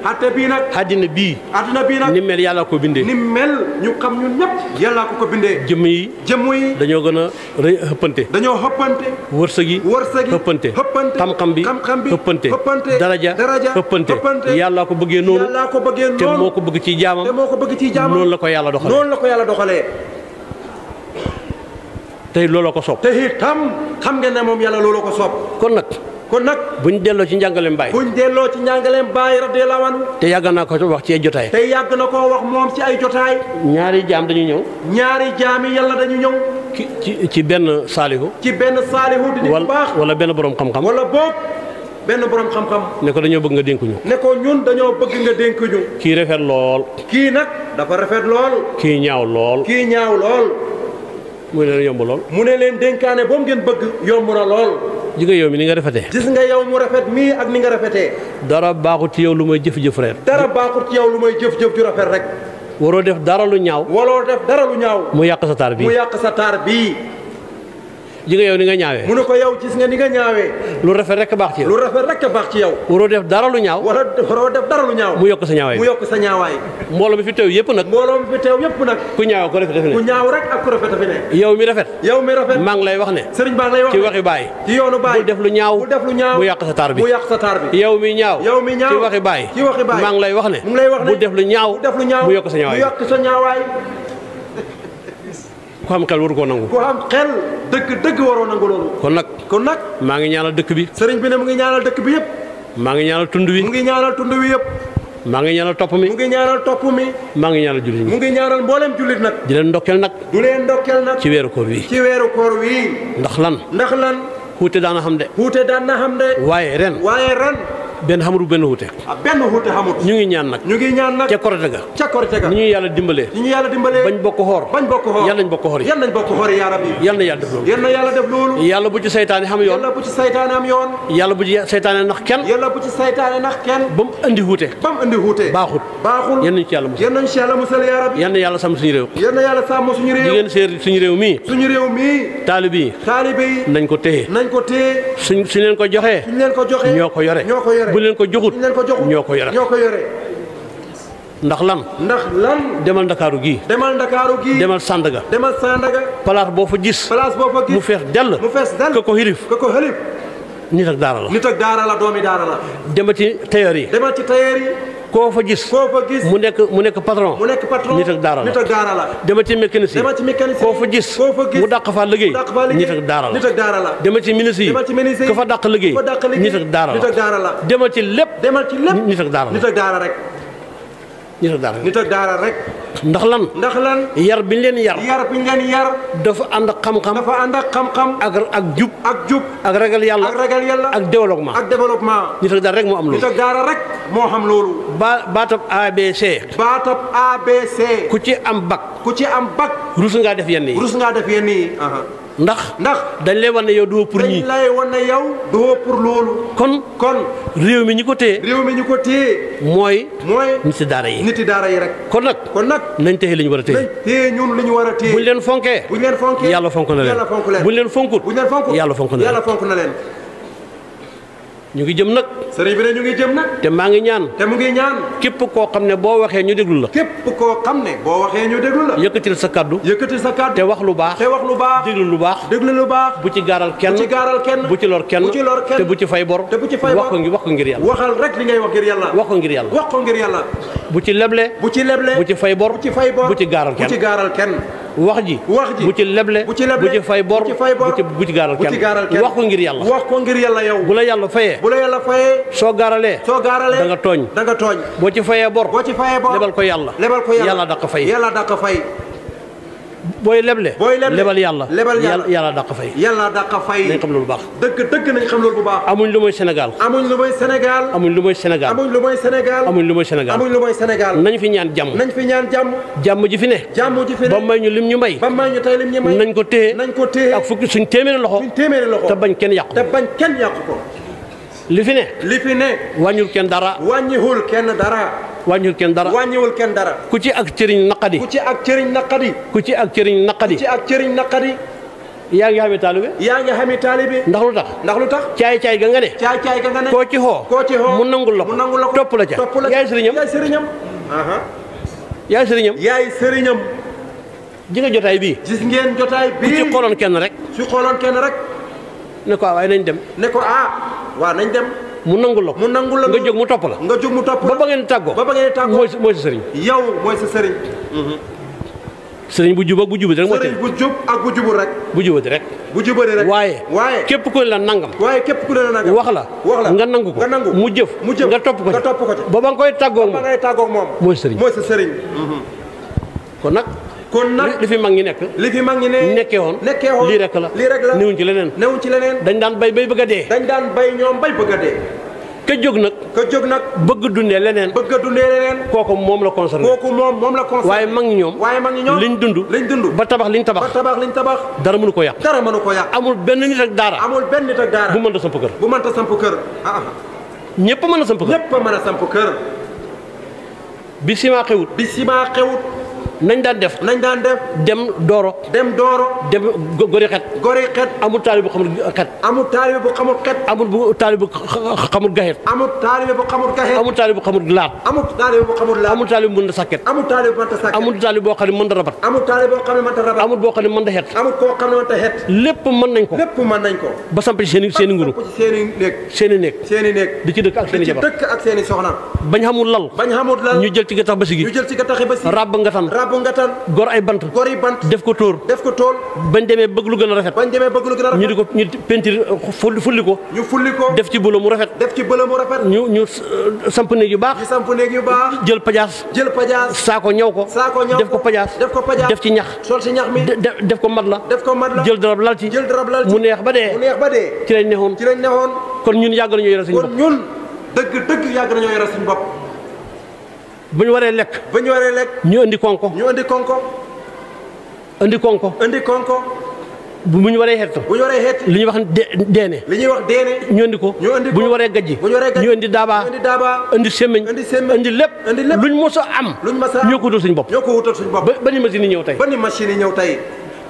àddina bii nag. àddina bii. ni mel yàllaa ko bindee. ni mel ñu xam ñun ñëpp. yàllaa ko ko bindee. jëmm yi. jëmm dañoo gën a rëy xëppante. dañoo xëppante. wërsëg yi. wërsëg yi xëppante. xëppante xam-xam bi. xam-xam bi xëppante. xëppante daraja. daraja xëppante. yàllaa ko bëggee noonu. yàllaa ko bëggee noonu te moo ko bëgg ci jaamam. te moo ko bëgg ci jaamam noonu la ko yàlla doxalee. noonu ko yàlla doxalee. tey looloo ko soob. te itam xam ngeen ne moom yàlla looloo ko soob. kon nag. kon nag bu ñu delloo ci njàngaleem baay buñ delloo ci njàngaleem baay radiyallaahu anhu te yàgg naa ko wax ci ay jotaay tey yàgg na koo wax moom ci ay jotaay ñaari jaam dañu ñëw ñaari jaam yi yàlla dañu ñëw ci ci ci benn saalihu ci benn saalihu di nit baax wala benn borom xam-xam wala boob benn borom xam-xam ne ko dañoo bëgg nga dénk ñu nekkoo ko ñun dañoo bëgg nga dénk ñu kii rafet lool kii nag dafa rafet lool kii ñaaw lool mu ne leen yomb lool. mu ne leen dénkaane boobu ngeen bëgg yomb na lool. ji nga yow mi ni nga rafetee. gis nga yow mu rafet mii ak ni nga rafetee. dara baaxut ci yow lu may jëf-jëf rek. dara baaxut ci yow lu may jëf-jëf ju rafet rek. waroo def dara lu ñaaw. waroo def dara lu ñaaw. mu yàq sa taar bii mu yàq sa taar bii. ji nga ni nga ñaawee mu ne ko yow gis nga ni nga ñaawee lu rafet rek baax ci lu rafet rek baax ci yow waroo def dara lu ñaaw mu yokk sa ñaawaay mu yokk sa ñaawaay mbooloo mi fi teew yëpp nag mbooloo mi fi teew yëpp nag ku ñaaw ko rafet ku fi ne yow mi rafet yow maa ngi lay wax ne ci waxi baay ci yoonu baay bu def lu ñaaw mu yàq sa taar bi mu yàq sa taar bi yow mi ñaaw yow mi ñaaw ci waxi baay ci waxi baay maa ngi lay wax ne mu ngi lay wax ne bu def lu ñaaw bu def lu mu yokk sa ñaawaay ku am xel waru koo nangu. ku am xel dëgg dëgg waroo nangu loolu. kon nag kon nag. maa ngi ñaanal dëkk bi. sëriñ bi ne mu ngi ñaanal dëkk bi yëpp. maa ngi ñaanal tund wi. mu ngi ñaanal tund wi yëpp. maa ngi ñaanal topp mi mu ngi ñaanal topp mi. maa ngi ñaanal jullit ñi mu ngi ñaanal mboolem jullit nag. di leen ndokkeel nag. du leen ndokkeel nag. ci weeru koor wi. ci weeru koor wi. ndax lan. ndax lan. xuute daan na xam de. xuute daan na xam de. waaye ren. benn xamul benn wuute. ah benn wuute xamul. ñu ngi ñaan nag. ñu ngi ñaan nag ca korite ga. ni ñuy yàlla dimbalee. bañ bokk xoor. bañ nañ bokk xoor yi. yàlla bu ci saytaane xam yoon. yàlla bu ci saytaane am kenn. ba mu andi wuute. ba mu andi wuute. baaxul. yàlla musal. suñu réew. mii. suñu yi. nañ ko téye. nañ ko téye. ko joxee. ñoo ko yore. bu leen ko joxut ñoo ko yore ñoo ko yore ndax lan ndax lan demal ndakaaru gii demal ndakaaru gii demal Sandaga demal Sandaga place boo fa gis place boo fa mu fees dell mu fees dell ka ko xilif ka ko xilif nit ak daara la nit ak daara la doomi daara la demal ci tailleur yi koo fa gis koo fa gis mu nekk mu nekk patron mu nekk patron nit ak daara la nit ak daara la dama ci mécanicien dama ci mécanicien koo fa gis koo liggéey nit ak daara la nit ndax lan. ndax lan yar bi ñu leen yar. yar bi ñu leen yar. dafa ànd ak xam-xam. dafa ànd ak xam ak ak jub. ak jub ak ragal yàlla. ak ragal yàlla ak développement. ak développement. nit ak daara rek moo am loolu. nit ak rek moo xam loolu. ba baatab ABC. baatab ABC. ku ci am bak ku ci am bac. rus ngaa def yenn yi. rus ngaa def yenn yi. ndax ndax dañ lay wan ne yow doo pour ñii dañ lay wan yow pour loolu. kon kon réew mi ñu ko téye. réew mi ñu ko téye. mooy. mooy niti daara yi niti daara yi rek. kon nag kon nag nañ téye li ñu war a téye. nañ ñu war a téye. buñ leen fonkee. buñ leen yàlla fonk na leen. yàlla fonk na leen buñ leen fonkut. buñ leen fonkut yàlla fonk na leen. ñu ngi jëm nag. sëriñ bi ne ñu ngi jëm nag. te maa ngi ñaan. te mu ñaan. képp koo xam ne boo waxee ñu déglu la. képp koo xam ne. boo waxee ñu déglu la. yëkkatil sa kaddu. yëkkatil sa kaddu. te wax lu baax. te wax lu baax. déglu lu baax. déglu lu baax. bu ci gaaral kenn. bu ci gaaral kenn. bu ci lor kenn. ci lor kenn. te bu ci fay bor. te bu ci fay bor wax ko ngir yàlla. waxal rek li ngay wax ngir yàlla. wax ko ngir yàlla. wax ko ngir yàlla. bu ci leble. bu ci leble bu ci fay bor bu ci fay bor bu ci gaaral kenn bu gaaral kenn. wax ji wax ji bu ci leble bu ci leble bu ci fay bor bu ci gaaral kenn wax ko ngir yàlla wax ko ngir yàlla yow bu la yàlla fayee bu la yàlla fayee soo gaaralee soo gaaralee da nga tooñ da nga tooñ boo ci fayee bor boo ci fayee bor lebal ko yàlla lebal ko yàlla yàlla ko fay yàlla da ko fay booy leble. booy leble lebal yàlla. lebal yàlla yàlla dàq fay. yàlla dàq fay nañ xam loolu bu baax. dëgg dëgg nañ xam loolu bu baax. amuñ lu mooy Sénégal. amuñ lu mooy Sénégal. amuñ lu mooy Sénégal. amuñ lu mooy Sénégal. amuñ lu mooy Sénégal. amuñ lu mooy Sénégal. nañ fi ñaan jàmm. nañ fi ñaan jàmm. jàmm ji fi ne. jàmm ji fi ne may ñu lim ñu may. ba ñu may. nañ ko téye nañ ko téye ak fukki suñ téeméeri loxo. suñ téeméeri loxo te bañ kenn yàqu. te bañ kenn yàqu ko. li fi ne. li fi ne. kenn dara. wàññiwul kenn dara. wàññiwul kenn dara wàññiwul kenn dara. ku ci ak cëriñ naqadi. ku ci ak cëriñ naqadi. ku ci ak cëriñ naqadi. ci ak cëriñ naqadi. yaa ngi xamee taalibe yaa ngi xamee taalibe ndax lu tax ndax lu tax caay caay ga nga ne caay ga nga ne ci xoo koo mu nangul la mu nangul la ko topp la ca yaay sëriñam yaay sëriñam yaay sëriñam yaay sëriñam ji nga jotaay bii gis ngeen jotaay bii ku ci xooloon kenn rek su xooloon kenn rek ne ko waaye nañ dem ne ko ah waaw nañ dem mu nangul la mu nangul la nga jóg mu topp la nga jóg mu topp ba ba ngeen tàggoo ba ba ngeen tàggoo mooy mooy sa sëriñ yow mooy sa sëriñ mhm. sëriñ bu jub ak bu jubati rek mooy te bu jub ak bu jubul rek bu jubati rek bu jubati rek waaye waaye képp ku ne la nangam waaye képp ku ne la nangam wax la wax la nga nangu ko nga mu jëf mu jëf nga topp ko nga topp ko ba ba nga koy tàggoo moom mooy sëriñ mooy sa sëriñ mhm. kon nag kon nag li fi mag ñi nekk. li fi mag ñi ne nekkee woon. nekkee lii rek la lii rek la newuñ ci leneen. newuñ ci leneen dañ daan bay bay bëgg a dee. dañ daan bay ñoom bay bëgg a dee. ka jóg nag. ka jóg nag bëgg dundee leneen. bëgg dundee leneen. kooku moom la concerné. kooku moom moom la concerné. waaye mag ñi ñoom. waaye mag ñi ñoom liñ dund. liñ dund ba tabax liñ tabax. tabax liñ tabax. dara mënu ko yàq. dara mënu ko yàq. amul benn nit ak daara. amul benn nit ak daara. bu mënta samp kër. bu mënta samp kër ah, ah. ñëpp mën a samp kër. ñëpp mën a samp kër. bi ciment xewut. bi ciment xewut. nañ daan def. nañ daan def. dem Dooro. dem Dooro. dem Gorixet. gori xet xet amul taalibe bu xamul xet amul bu bu xamul gaxet amul taalibe bu xamul laat amul taalibe bu xamul laat amul a a boo xam ne mën xet lépp mën nañ ko ba samp ci seen seen i nguru néeg seen néeg di ci dëkk ak seen jabar bañ xamul lal ñu jël ci gattax ba si gi ñu gor ay bant def ko tóor bañ demee bëgg lu gën a rafet bañ demee a rafet ñu di ko ñu peinture euh, fulli ko. ñu fulli ko def ci bëlo mu rafet. def ci bëlo mu rafet. ñu ñu euh, samp néeg yu baax. ñu samp néeg yu baax. jël pajaas. jël pajaas. saako ñëw ko. saako ñëw def ko pajaas. def ko pajaas def ci ñax. sol ci ñax mi def ko mat la. def ko mat jël darab lal ci. jël darab lal ci mu neex ba dee. mu neex ba dee. ci lañ neexoon ci lañ kon ñun yàgg nañoo yore suñu bopp kon dëgg dëgg yàgg nañoo yore suñu bopp. bu ñu waree lekk. bu ñu waree lekk. ñu indi konko. ñu indi konko. indi konko. bu ñu waree xeetu. bu ñu waree xeetu li ñuy wax deene. ñuy wax deene. ñu andi ko. ñu andi bu ñu waree gajji. bu ñu waree gajji ñu andi daaba. andi daaba andi semmiñ. andi semmiñ andi lépp. andi lépp luñ am. luñ mos a am ñoo ko wutal suñu bopp. ñoo ko wutal suñu bopp ba ba ni machine yi ñëw tey. ba ni machine yi ñëw tey.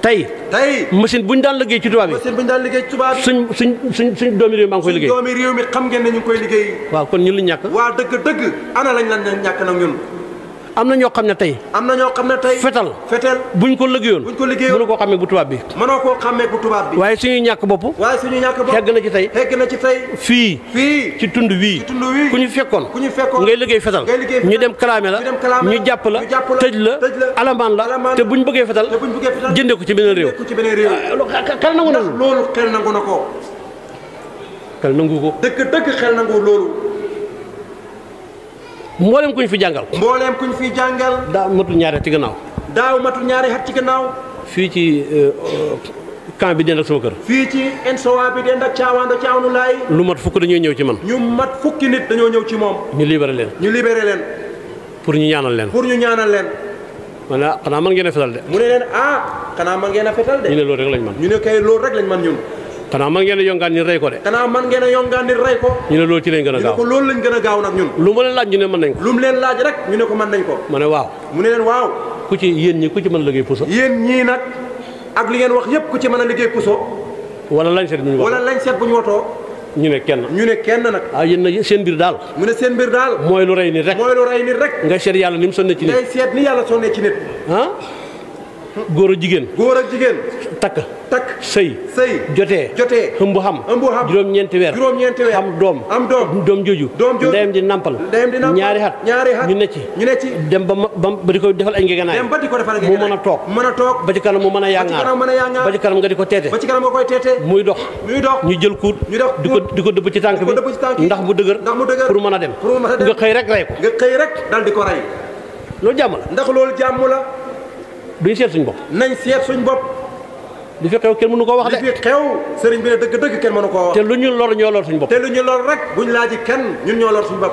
tey tey machine bu ñu daan liggéey ci tubaab bi machine bu ñu daan liggéey ci tubaab bi suñ suñ suñ suñ doomi réew mi maa ngi koy liggéey suñ doomi ngeen ne ñu ngi koy liggéey waaw kon ñun lañ ñàkk waa dëgg dëgg ana lañ lañ ñàkk nag ñun am na ñoo xam ne tey. am na xam ne tey. fetal bu ñu ko liggéeyoon. buñ ko liggéeyoon mënu koo xàmmee bu tubaab bi. mënoo koo xàmmee bu tubaab bi. waaye suñuy ñàkk bopp. waaye suñuy ñàkk bopp xegg na ci tey. xegg na ci tey. fii. fii ci tund wii. ci tund wii ku ñu fekkoon. ku ñu fekkoon ngay liggéey fetal. ngay liggéey fetal ñu dem kalaame la. ñu dem kalaame la ñu jàpp la. ñu jàpp la tëj la alamaan la. alamaan la te buñ bëggee fetal. te buñ bëggee fetal jëndee ko ci beneen réew. xel nangu na ko. xel nangu ko. dëgg dëgg xel nangu loolu mboolem kuñ fi jàngal. mboolem ñu fi jàngal. daaw matul ñaari at ci gannaaw. daaw ñaari at ci fii ci euh, camp bi dend ak sama kër. fii ci insowa bi dend ak caawaando caawnu laay. lu mat fukk dañoo ñëw ci man. ñu mat fukki nit dañoo ñëw ci moom. ñu libéré leen. ñu libere leen. pour ñu ñaanal leen. pour ñu ñaanal leen. ma ne ah xanaa mën ngeen a fetal de. mu ne leen ah xanaa mën ngeen a fetal de. ñu ne lool rek man ñu ne kay loolu rek lañ man ñun. xanaa man ngeen a yongaan ni rey ko de xanaa man ngeen a yongaan ni rey ko ñu loolu ci lañ gën a gaaw ñu ne ko a gaaw nag ñun lu ma leen laaj ñu ne mën ko lu leen laaj rek ñu ne ko mën nañ ko ma ne waaw mu ne leen waaw ku ci yéen ñi ku ci mën a liggéey puso yéen ñii nag ak li ngeen wax yépp ku ci mën a liggéey puso wala lañ seet bu ñu wala lañ seet bu ñu watoo ñu ne kenn ñu ne kenn nag ah yéen nag seen mbir daal mu ne seen mbir daal mooy lu rey nit rek mooy lu rey nit rek ngay seet yàlla ni mu sonne ci nit ngay seet ni yàlla sonne ci nit ah góor ak jigéen góor ak jigéen takk takk sëy jotee jotee ëmb xam juróom-ñeenti weer juróom doom doom doom jooju di nàmpal ñaari xat ñu ne dem ba ba di ko defal ay ngeganaay dem mu mën a toog a ba ci mu mën a yàngaar ba ci nga di ko teete muy dox ñu jël kuut di ko dëbb ci tànk bi ndax mu dëgër pour mën a dem nga xëy rek ray loolu jàmm la ndax loolu seet suñ bopp li fi xew kenn mënu koo wax de. li fi xew sëriñ bi ne dëgg-dëgg kenn mënu koo wax. te lu ñu lor ñoo lor suñu bopp. te lu ñu lor rek buñ laaji kenn ñun ñoo lor suñu bopp.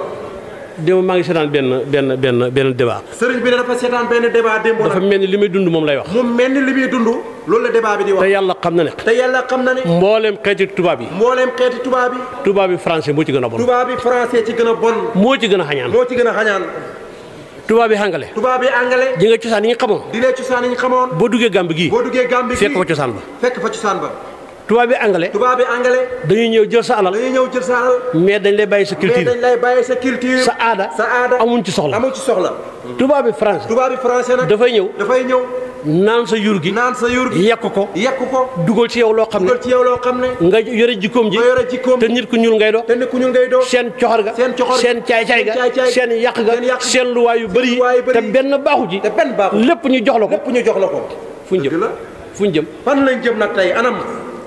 démb maa ngi seetaan benn benn benn benn débat. sëriñ bi ne dafa seetaan benn débat démb. dafa mel ni li muy dund moom lay wax. mu mel ni li muy dund loolu la débat bi di wax. te yàlla xam na ne. te yàlla xam na ne. mbooleem xeeti tubaab yi. mbooleem xeeti tubaab yi. tubaab yi français moo ci gën a bon. tubaab yi français a bon. moo ci gën a xañaan moo ci gën a xañaan tubaab yi àngale tubaab yi àngale di nga cosaan yi ñu xamoon di nga cosaan yi ñu xamoon boo duggee gàmb gii boo duggee gàmb gii fekk fa cosaan ba fekk tubaab bi angale tubaab dañuy ñëw jël sa alal dañuy ñëw jël sa alal mais dañ lay bàyyi sa culture dañ lay bàyyi sa culture sa aada sa aada amuñ ci soxla amuñ soxla tubaab bi français tubaab bi français nag dafay ñëw dafay ñëw naan sa yur gi naan sa yur gi yekk ko yekk ko dugal ci yow loo xam ne dugal ci yow loo xam ne nga yore jikkoom ji nga yore jikkoom te nit ku ñuul ngay do te nit ku ñuul ngay dox seen coxor ga seen coxor seen caay-caay ga seen yàq ga seen luwaay yu bëri yi te benn baaxu ji te benn baaxu lépp ñu jox la ko lépp ñu jox la ko fu ñu jëm fu ñu jëm fan lañ jëm nag tey anam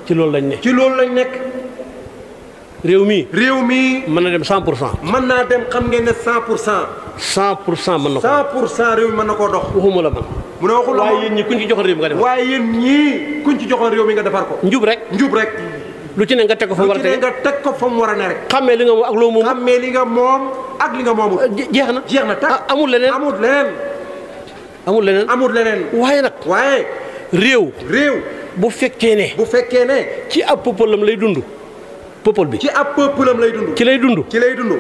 ci loolu lañ ne ci loolu lañ nekk réew mii réew mi mën na dem 100 pour cent. mën naa dem xam ngeen ne 100 pour cent. 100 pour cent mën na pour cent réew mi mën na koo dox. waxuma la man. mu ne waxul la waaye yéen ñii kuñ ci joxoon réew waaye yéen ñii kuñ ci joxoon réew mi nga defar ko. njub rek njub rek. lu ci ne nga teg ko fa mu war a tege lu teg ko fa mu war a ne rek. xàmmee li nga moom ak loo moom. xàmmee li nga moom ak li nga moomul. jeex na jeex na tàkk amul leneen amul leneen. amul leneen amul leneen. waaye nag waaye. réew. réew bu fekkee ne. bu fekkee ne. ci ab problème lay dund. peuple bi. ci ab peuple am lay dund. ci lay dund. ci lay dund.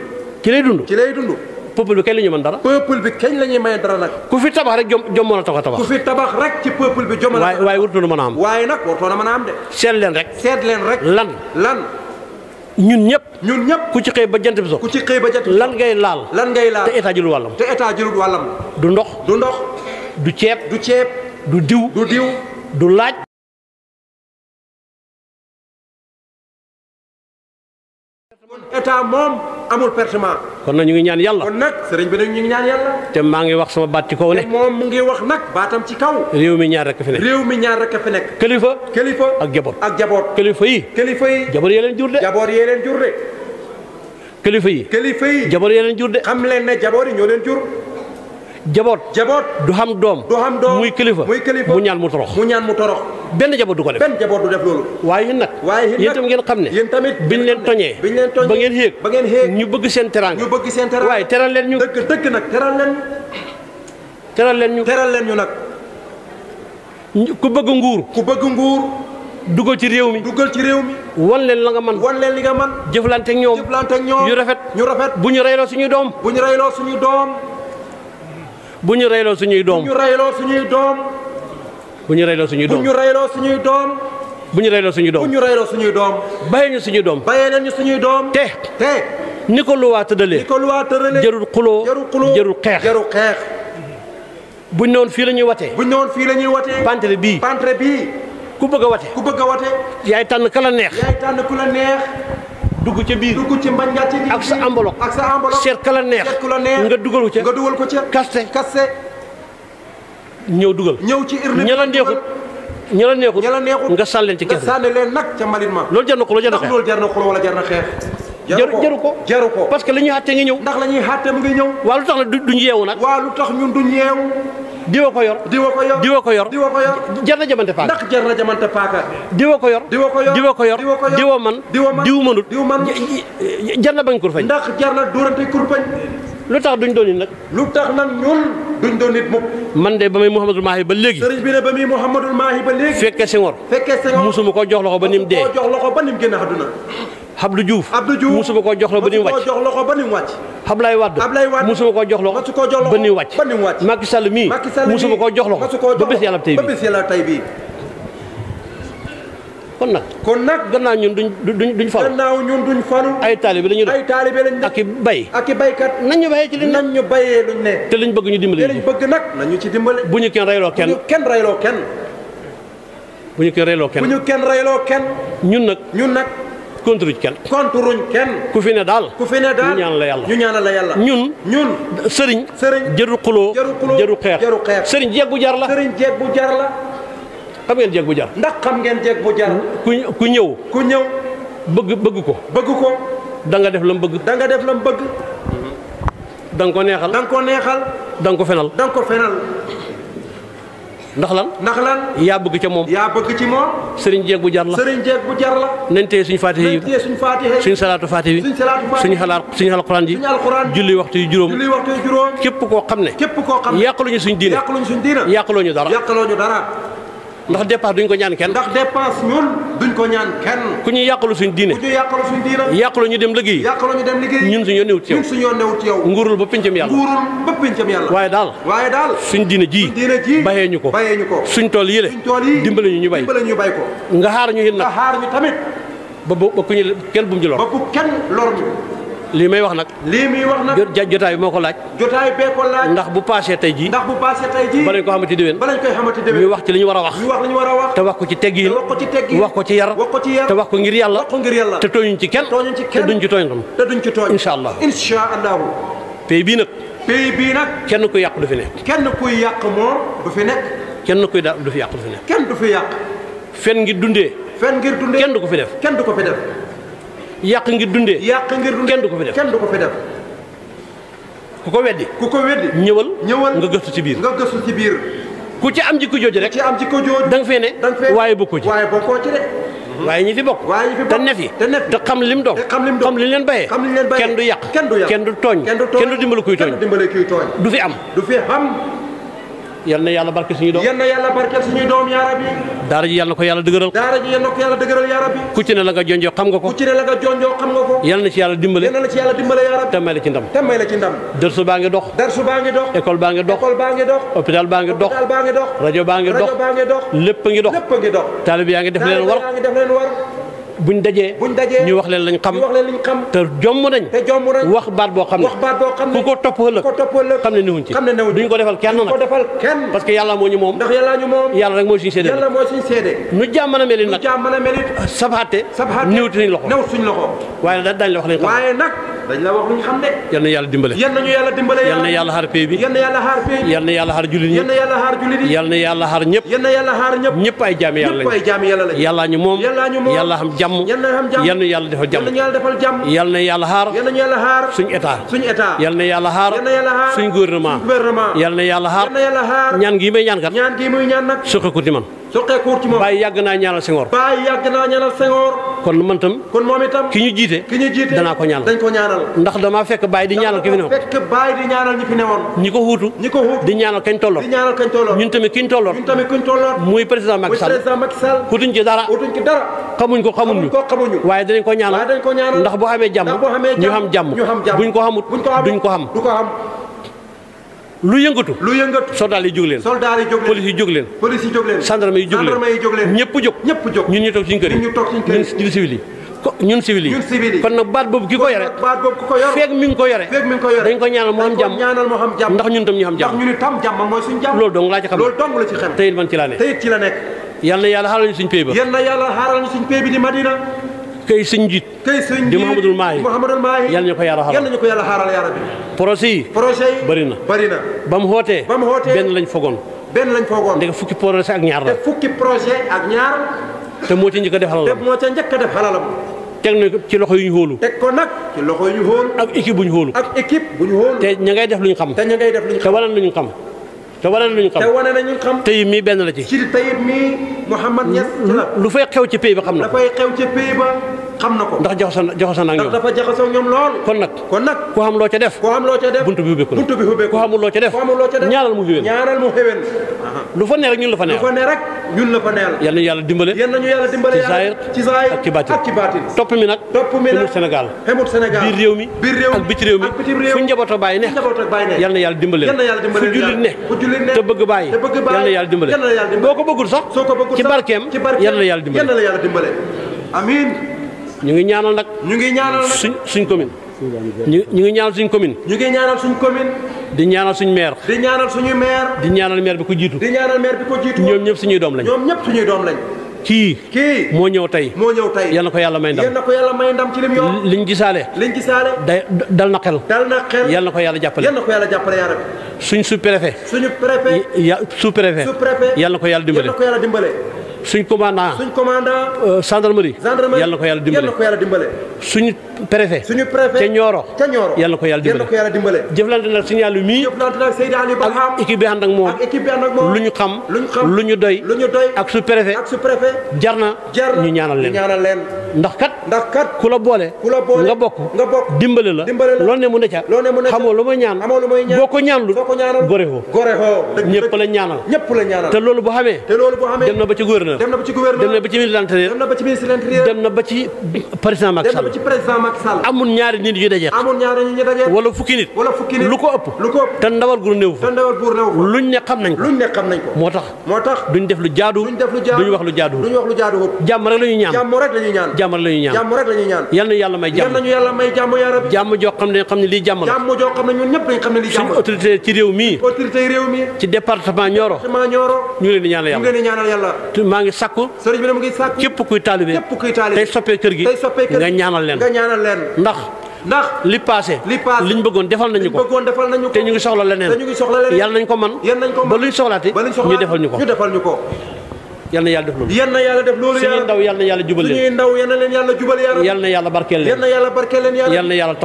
ci lay dund. ci lay dund. peuple bi kañ la ñuy mën dara. peuple bi kañ lañuy ñuy may dara nag. ku fi tabax rek jom jom mën a tax a tabax. ku fi tabax rek ci peuple bi. jom mën a tax a tabax waaye waaye warutoon na mën a am. waaye nag warutoon na mën a am seet leen rek. seet leen rek lan lan. ñun ñëpp. ñun ñëpp ku ci xëy ba jant bi so. ku ci xëy ba jant lan ngay laal. lan ngay laal te état jëlul wàllam. te état jëlul wàllam. du ndox. du ndox. du ceeb. du ceeb. du diw. du diw. du laaj. état moom amul pertement. kon na ñu ngi ñaan yàlla. kon nag sëriñ bi nag ñu ngi te maa ngi wax sama baat ci kaw ne. moom mu ngi wax nag baatam ci kaw. réew mi ñaar rek fi nekk. réew mi ñaar rek fi nekk. kilifa. kilifa ak jaboot. ak jaboot kilifa yi. kilifa yi jaboot yee leen jur de. jaboot yee leen jur de. kilifa yi. kilifa yi jaboot yee leen jur de. xam leen ne jaboot yi jaboot jaboot du xam doom du xam doom muy kilifa muy kilifa mu ñaan mu torox mu ñaan mu torox benn jaboot du ko def benn jaboot waaye yéen nag waaye yéen tam ngeen xam ne yéen tamit biñ leen toñee biñ leen toñee ba ngeen xéeg ba ngeen xéeg ñu bëgg seen teranga ñu bëgg seen waaye teral leen ñu dëgg dëgg nag teral leen leen ñu teral leen ñu nag ku bëgg nguur ku bëgg nguur dugal ci réew mi dugal ci réew mi. wan leen la nga man wan leen li nga man jëflante ak ñoom jëflante ak ñoom. rafet ñu rafet bu ñu reyloo suñuy doom. bu ñu reyloo suñuy doom. bu ñu reyloo suñuy doom bu ñu reyloo suñuy doom. bu ñu reyloo suñuy doom bu ñu reyloo suñuy doom. bu ñu reyloo suñuy doom ñu reyloo suñuy doom. bàyyi ñu suñuy doom. bàyyi nañu suñuy doom. te te. ni ko luwaa tëddalee ni ko luwaa tëddalee jarul xuloo jarul xeex jarul xeex. buñ ne woon fii la ñuy watee. buñ ne woon fii la ñuy watee. pantre bii pantre bii. ku bëgg a ku bëgg a wate. yaay tànn ka neex. yaay ku la neex. dugg ca biir dugg ci mbañ gàcce gi ak sa enveloppe ak sa enveloppe seet ka la neex nga dugalu ca ko ca kaste kaste ñëw dugal ñëw ci urne ña la neexut ña la neexut ña la neexut nga sàlleen ci kese nga sànni leen nag ca mbalit ma loolu jar na ko loolu jar na xeex loolu jar na xuloo wala jar na jaru ko jaru ko parce que la ñuy xàttee nga ñëw ndax la ñuy xàtteem nga ñëw waa lu tax na duñ yeewu nag waa lu tax ñun duñ yeewu diwa ko yor diwa ko yor diwa ko yor diwa ko yor jar na jamante paaka ndax jar na jamante paaka diwa ko yor diwa ko yor diwa ko yor diwa man diw mënut diw man jar na bañ kurfañ ndax jar na dóorante kurfañ lu tax duñ doon nit nag lu tax nag ñun duñ doon nit mukk man de ba muy Mouhamadul Mahi ba léegi sëriñ bi ne ba muy Mouhamadul Mahi ba léegi fekke Senghor fekke Senghor musuma koo jox loxo ba nim dee koo jox loxo ba nim génn àdduna Abdou Diouf Abdou Diouf musuma koo jox loxo ba ni mu wàcc Ablaye Wade musuma koo jox loxo ba ni mu wàcc Macky Sall mii musuma koo jox loxo ba bés yàlla tey bii kon nag kon nag gannaaw ñun duñ duñ duñ falu gannaaw ñun duñ falu ay taalibe lañu def ay taalibe lañu def ak i bay ak i baykat nañ ñu bayee ci liñ nañ ñu bayee luñ ne te liñ bëgg ñu dimbale te liñ bëgg nag nañu ci dimbale bu ñu kenn reyloo kenn kenn reyloo kenn bu ñu kenn reyloo kenn ñu kenn reyloo kenn ñun nag ñun nag konturuñ kenn. konturuñ kenn. ku fi ne daal. ku fi ne daal ñu ñaan la yàlla. ñu ñaan la yàlla ñun. ñun sëriñ. sëriñ jëru xuloo jëru xeex jëru xeex. sëriñ jeeg bu jar la. sëriñ jeeg bu jar la. xam ngeen jeeg bu jar. ndax xam ngeen jeeg bu jar. ku ku ñëw. ku ñëw. bëgg bëgg ko. bëgg ko. danga def la mu bëgg. da def la mu bëgg. da nga ko neexal. da nga ko neexal. da ko fenal. da ko fenal. ndax lan ndax lan yaa bëgg ca moom yaa bëgg ci moom sëriñ jeeg bu jar la sëriñ bu jar la nañ téye suñu faatiha yi suñu salaatu faatiha yi suñu xalaat suñu alxuraan ji julli waxtu yu juróom képp koo xam ne yàqaluñu suñu diine yàqaluñu dara ndax dépense duñ ko ñaan kenn. ndax dépense ñun duñ ko ñaan kenn. ku ñu yàqalu suñ diine. ku ñu yàqalu suñ diine. yàqalu ñu dem liggéey. yàqalu ñu dem liggéey. ñun suñu yoon newut ci yow. ñun suñu yoon newut ci yow. nguurul ba pincam yàlla. nguurul ba pincam yàlla. waaye daal. waaye daal suñ diine ji. suñ diine ji bayee ñu ko. bayee ñu ko suñ tool yële. suñ tool yi dimbale ñu ñu bay. dimbale ñu bay ko. nga xaar ñu it nag. nga xaar ñu tamit. ba ba ku ñu kenn bu mu ci lor. ba bu kenn lor ñu. lii may wax nag. lii muy wax nag jotaay moo ko laaj. jotaay bee ko laaj. ndax bu paasee tey jii. ndax bu paasee tey jii. balañ ko xamante déwén. balañ wax ci li ñu war a wax. ñu wax a wax. te wax ko ci teggiin. te wax ko ci teggiin wax ko ci yar. wax ko ci yar te wax ko ngir yàlla. wax ko te tooñuñ ci kenn. tooñuñ ci kenn ci tooñ tam. te duñ ci tooñ incha allah. bii nag. pays bii nag. kenn kuy yàq du fi nekk. kenn kuy yàq moom du fi nekk. kenn kuy daal du fi yàq du fi nekk. kenn du fi yàq. fen ngir dundee. fen ngir dundee kenn du ko fi def. kenn du ko fi def. yàq ngir dundee. yàq ngir dundee kenn du ko fi def kenn ko fi def. ku ko weddi. ku ko weddi ñëwal. ñëwal nga gëstu ci biir nga gëstu ci biir. ku ci am jikko jooju rek. ci am jikko jooju da nga fee ne. da nga fee waaye bokkoo ci waaye bokkoo ci rek. ñi fi bokk. waaye ñi fi bokk te ne fi. te ne fi te xam lim doon. te xam lim leen bayee. xam kenn du yàq. kenn du yàq kenn du tooñ. kenn du tooñ kenn du dimbali kuy tooñ. kenn du du fi am. du fi am. yal na yàlla barke suñuy doom yal na yàlla barke suñuy doom yaa rabbi daara ji yal na ko yàlla ji yal na ko yàlla dëgëral yaa rabbi ku ci la nga jonjoo xam nga ko ku xam nga ko yal na ci yàlla dimbale yal na ci yàlla la ci ndam te may la ci ndam baa ngi dox dërsu baa ngi dox école baa ngi dox école baa ngi dox hôpital baa ngi dox hôpital baa rajo baa ngi dox lépp a ngi dox lépp a ngi dox taalib yaa ngi def leen war buñ dajee buñ wax leen lañ xam te jomm nañ wax baat boo xam ne ku ci duñ ko defal kenn nag parce que yàlla moo ñu moom yàlla rek mooy suñu séede nu jaam mën a mel nag sabaate néewti nañ loxo waaye nag dañ la wax lañ xam waaye yàlla dimbale yàlla na yàlla xaar pay bi ay jaami yàlla lañ moom yàlla xam jàmm yal na yàlla defal jàmm yal na yàlla xaar suñ état yal na yàlla xaar suñ gouvernement yal na yàlla xaar ñaan gii may ñaan kat suqeku ci man soqeekuwut ci moom bàyyi yàgg naa ñaanal Senghor bàyyi yàgg naa ñaanal Senghor kon man tam kon moom itam ki ñu jiite danaa ko ñaanal ndax damaa fekk bàyyi di ñaanal ki fi newoon fekk bàyyi di ñaanal ñi ko wuutu ñi ko wuutu di ñaanal kañ tolloon di tamit kiñ tolloon muy président Macky Sall président dara wutuñ ko xamuñu waaye danañ ko ñaanal ndax boo amee jàmm ñu xam jàmm buñ ko xamut duñ ko xam lu yëngatu soldaar yi jóg soldaar yi jóg leen yi jóg leen yi jóg leen jóg ñun ñu toog suñu kër yi ñun ñu yi kon nag baat boobu ki ko yore feeg mi ngi ko yore dañ ko ñaanal moo xam jàmm ndax ñun tam ñu xam jàmm loolu dong laa ci xam tey man ci laa nekk yal na yàlla xaaral ñu suñ pay këy sëñ jiit këy sëñ jiit di Mouhamadul Mahi Mouhamadul Mahi yal nañu ko yàlla xaaral yal nañu ko yi bëri na bëri na ba mu xootee ba mu xootee benn lañ fogoon benn lañ fogoon ndeke fukki projet ak ñaar la fukki projet ak ñaar te moo ca njëkk def xalalam te moo ca njëkk a def xalalam teg nañ ko ci loxo yu ñu xóolu teg ko nag ci loxo yu ñu xóolu ak équipe bu ñu xóolu ak équipe bu ñu te ña ngay def lu ñu xam te ña ngay def lu ñu xam lu ñu xam te wane na ñu xam te wane na ñu xam. mii benn la ci. ci tayib mii Mouhamad Niass lu fay xew ci pays ba xam na. dafay xew ci pays ba. xam na ko ndax jaxasoo jaxasoo naa ak ñoom ndax dafa jaxasoo ñoom lool kon nag kon nag ku xam loo ca ñaanal mu xéwén lu fa ne rek ñun la fa ne rek ñun la fa ne yal nañu yàlla yàlla dimbale ci saayir ci baatin ak ci baatin topp mi nag topp mi nag biir réew mi ak bitti mi fu njabooto bàyyi ne yal na yàlla dimbale fu jullit ne te bëgg bàyyi yal na yàlla dimbale boo ko bëggul sax ci barkeem yal na yàlla dimbale amiin ñu ngi ñaanal nag. ñu ngi ñaanal nag suñ suñ commune. ñu ngi ñaanal suñ commune. ñu ngi suñ commune. di ñaanal suñ maire. di suñu maire. di ñaanal maire bi ko jiitu. di ñaanal maire ñoom ñëpp suñuy doom lañ. ñëpp suñuy doom lañ. kii. moo ñëw tey. moo ñëw tey yal na ko yàlla may ndam. na ko yàlla may ndam ci lim yoon. liñ gisaale. liñ gisaale. day dal na xel. dal na xel yal na ko yàlla jàppale. yal na ko yàlla suñ sous préfet. suñu préfet. ya sous préfet. ko yàlla dimbale. yal na ko yàlla dimbale. suñ commandant suñ commandant. Euh, gendarmerie. gendarmerie yal na ko yàlla dimbale yal na ko yàlla dimbale. suñu préfet. suñu ca Nioro. jëflante nag suñu yàlla mii. ak équipe bi ànd ak moom xam. lu doy. ak su préfet. jar na. ñu ñaanal leen ndax kat. ku la boole. ku la boole nga bokk nga bokk dimbale la. dimbale la loo ne mu ne ca. xamoo lu may ñaan. xamoo ñaan boo gore xoo. gore xoo. ñëpp la ñaanal. te loolu bu xamee. te loolu bu xamee dem na gouverneur dem na ba ci gouverneur dem ci ministre de ci ministre de ci président Macky ci président Macky Sall amul ñaan la ñuy ndax. ndax liñ bëggoon defal nañu ko te ñu ngi soxla leneen yàlla nañ ko man ba luñ soxlaate ñu defal ñu ko yal na yàlla def loolu yal na yàlla ndaw yal na yàlla jubal leen yal na yàlla barkeel leen yal na yàlla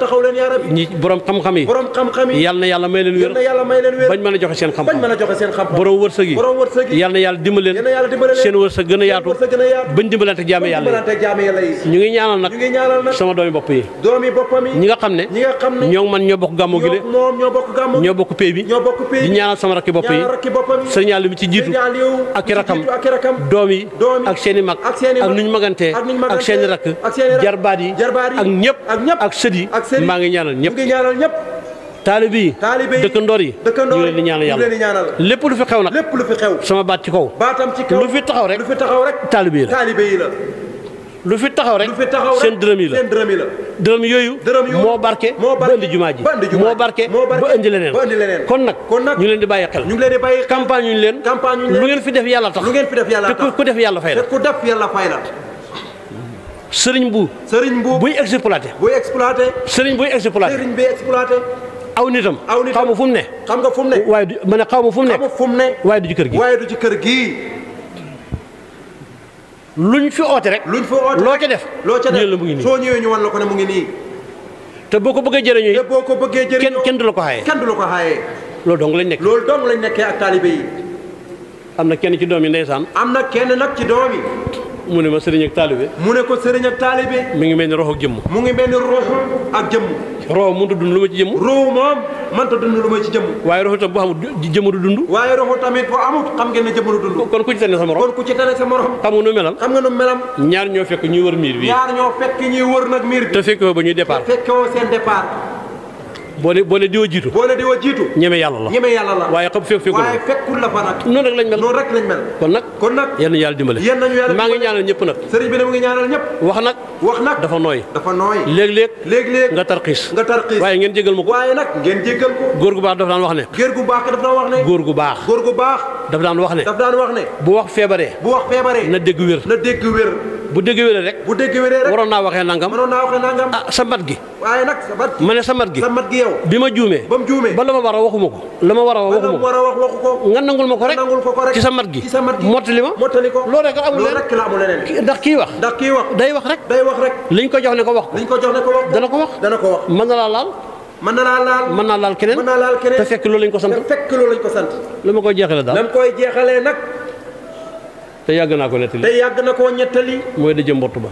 barkeel leen xam-xam yi yal na yàlla may leen wér bañ mën a joxe seen xam-xam bañ a wërsëg yi yal na yàlla dimbal seen wërsëg gën a yaatu bañ dimbalante jaame yàlla ñu ngi ñaanal nag sama doomi bopp yi doomi nga xam ne ñoo man ñoo bokk gàmmu gi de ñoo bokk pay bi di ñaanal sama rakki bopp yi sëñ Aliou ci jiitu ak rakam rakam doom yi ak seen i mag ak nu ñu magantee ak seen i rakk jarbaat yi ak ñëpp ak sët yi maa ngi ñaanal ñëpp taalib yi dëkkandoor yi ñu leen di ñaanal yàlla lépp lu fi xew nag sama baat ci kaw lu fi taxaw rek taalib yi la lu fi taxaw rek seen dërëm yi la dërëm yooyu moo barke ba indi jumaa ji moo barke ba indi leneen kon nag ñu leen di bàyyi xel campagne ñu leen lu ngeen fi def yàlla tax te ku def yàlla fay la sëriñ bu sëriñ bu buy exploite buy exploité sëriñ buy exploité sëriñ buy exploité aw nitam xaw ma fu mu ne xam nga fu mu ne waaye du ma ne xaw ma fu mu ne waaye du ci kër gi waaye du kër gi luñ fi oote rek. luñ fi oote loo ca def. loo ca def ñu la mu ngi nii soo ñëwee ñu wan la ko ne mu ngi te boo ko bëggee jëriñoo te boo ko bëggee jëriñoo kenn du la ko xaayee. kenn du ko xaayee. loolu dong lañ nekk loolu dong lañ nekkee ak taalibe am na kenn ci doom yi ndeysaan. am na kenn nag ci doom yi. mu ne ma sëriñ ak taalibe mu ne ko sëriñ ak taalibe mi ngi mel ni rox ak jëmm mu ngi mel ni roxu ak jëmm roxu mënta dund lu ma ci jëmm roxu moom mënta dund lu ma ci jëmm waaye roxu tam bu amut jëmm dund waaye roxu tamit bu amut xam ngeen ne jëmm du dund kon ku tane sa morom kon ku ci tane sa morom xam nga nu melam xam nga nu melam ñaar ñoo fekk ñuy wër miir bi ñaar ñoo fekk ñuy wër nag miir bi te fekkoo ba ñuy départ fekkoo seen départ boo ne boo ne diwa jiitu boo ne diwa jiitu ñeme yàlla la ñeme yàlla la waaye xam fekk fekkul waaye fekkul la nag noonu rek lañ mel kon nag kon nag yéen nañu yàlla dimbale yéen nañu yàlla maa ngi ñaanal ñëpp nag sëriñ bi ne mu ngi ñaanal ñëpp wax nag wax nag dafa nooy nooy léeg-léeg léeg-léeg nga tarxiis nga tarxiis waaye ngeen jégal ma ko waaye nag ngeen jégal ko góor gu baax dafa daan wax ne góor gu baax dafa daan wax ne góor gu baax góor gu baax daan wax ne dafa daan wax ne bu wax feebaree feebaree na dégg wér na dégg wér bu dégg wéree rek bu dégg wéree rek waroon naa waxee nangam waroon naa waxee nangam ah sa mat gi waaye nag sa mat ma ne sa mat gi sa gi yow bi ma juumee ba mu juumee ba la ma war a waxuma ko la ma war a wax waxuma ko nga nangul ma ko rek ci sa mat gi mottali ma mottali ko loolu rek amul leneen ndax kii wax ndax kii wax day wax rek day wax rek liñ ko jox ne ko wax ko ko jox ne ko wax ko wax dana ko wax mën na laa laal mën na laa keneen naa laal keneen te fekk loolu lañ ko sant ko sant ma koy jeexale daal la ma koy te yàgg naa ko nettali. te yàgg na koo ñettali. mooy dëjë mbott ba.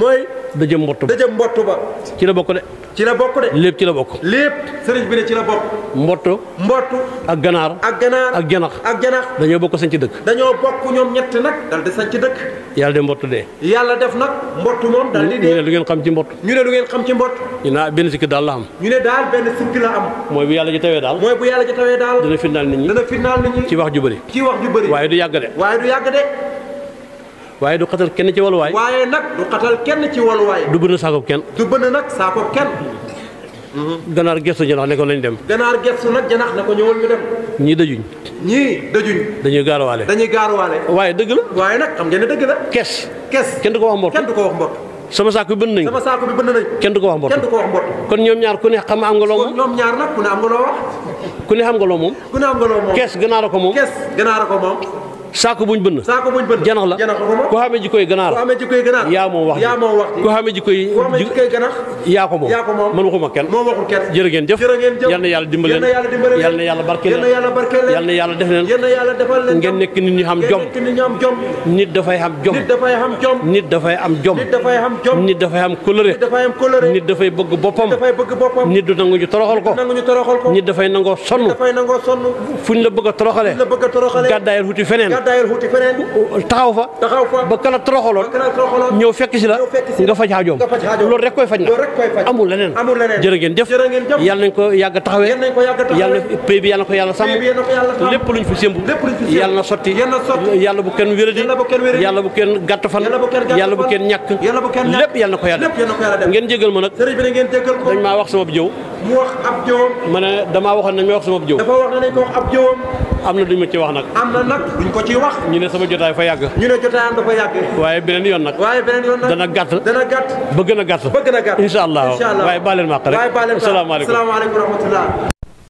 mooy dëjë mbott ba dëjë mbott ba ci la bokk de ci la bokk de lépp ci la bokk lépp sëriñ bi ne ci la bokk mbott mbott ak ganaar ak ganaar ak janax ak janax dañoo bokk sañ ci dëkk dañoo bokk ñoom ñett nag dal di sañ ci dëkk yàlla de mbott dee yàlla def nag mbott moom dal di dee ñu ne lu ngeen xam ci mbott ñu ne lu ngeen xam ci mbott ñu ne benn sikki daal la ñu ne daal benn sikki la am mooy bu yàlla ji tawee daal mooy bu yàlla ji tawee daal dana firnaal nit ñi dana firnaal nit ñi ci wax ju bëri ci wax ju waaye du yàgg waaye du xatal kenn ci waluwaay. waaye nag du xatal kenn ci waluwaay. du bënn saako kenn. du bënn nag saako kenn. ganaar gestu janax ne ko lañ dem. ganaar gestu nag janax ne ko ñëwal ñu dem. ñii dajuñ. ñii dajuñ. dañuy gaarawaale. dañuy gaarawaale. waaye dëgg waaye nag xam ngeen dëgg la. kes. kes kenn du ko wax mbott. kenn du ko wax mbott. sama saako bi bënn nañ sama saako bi bënn nañ kenn du ko wax mbott. kenn du ko wax mbott. kon ñoom ñaar ku ne xam am nga loo moom. ñaar nag ku ne am nga loo ku ne xam nga loo moom. ku ne am nga loo moom. kes ganaara ko moom. kes ganaara ko moom. saako buñ bënn saako buñ bënn janax la ku xamee ji koy ganaar ku xamee ji koy ganaar yaa moom wax yaa moom wax ku xamee ji koy ganaar yaa ko moom yaa ko moom man waxuma kenn moom waxul kenn jërë ngeen jëf yal na yàlla dimbal leen yal na yàlla barkeel leen yal na yàlla def leen ngeen nekk nit ñi xam jom nit dafay xam jom nit dafay am jom nit dafay am coloré nit dafay bëgg boppam nit du nangu ñu toroxal ko nit dafay nangoo sonn fuñ la bëgg a toroxale gàddaayal wuti feneen gàddaayal xuuti feneen taxaw fa taxaw fa ba kala ñëw fekk si la nga faj xaajoom loolu rek koy faj na amul leneen jërë ngeen jëf yàlla nañ ko yàgg taxawee yàlla bi yàlla na ko yàlla sàmm lépp luñ fi sëmb yàlla na sotti yàlla bu kenn wéradi yàlla bu kenn gàtt fan yàlla bu kenn ñàkk lépp yàlla na ko yàlla ngeen jégal ma nag dañ maa wax sama bu jëw ma ne damaa waxoon nañ ma wax sama bu jëw ciy wax ñu ne sama jotaay fa yàgg ñu ne jotaayam dafa yàgg waaye beneen yoon nag waaye beneen yoon nag dana gàtt dana gàtt ba gën a gàtt ba gën a gàtt incha allah waaye baal leen ma waaye baal leen ma asalaamaaleykum asalaamaaleykum wa rahmatullah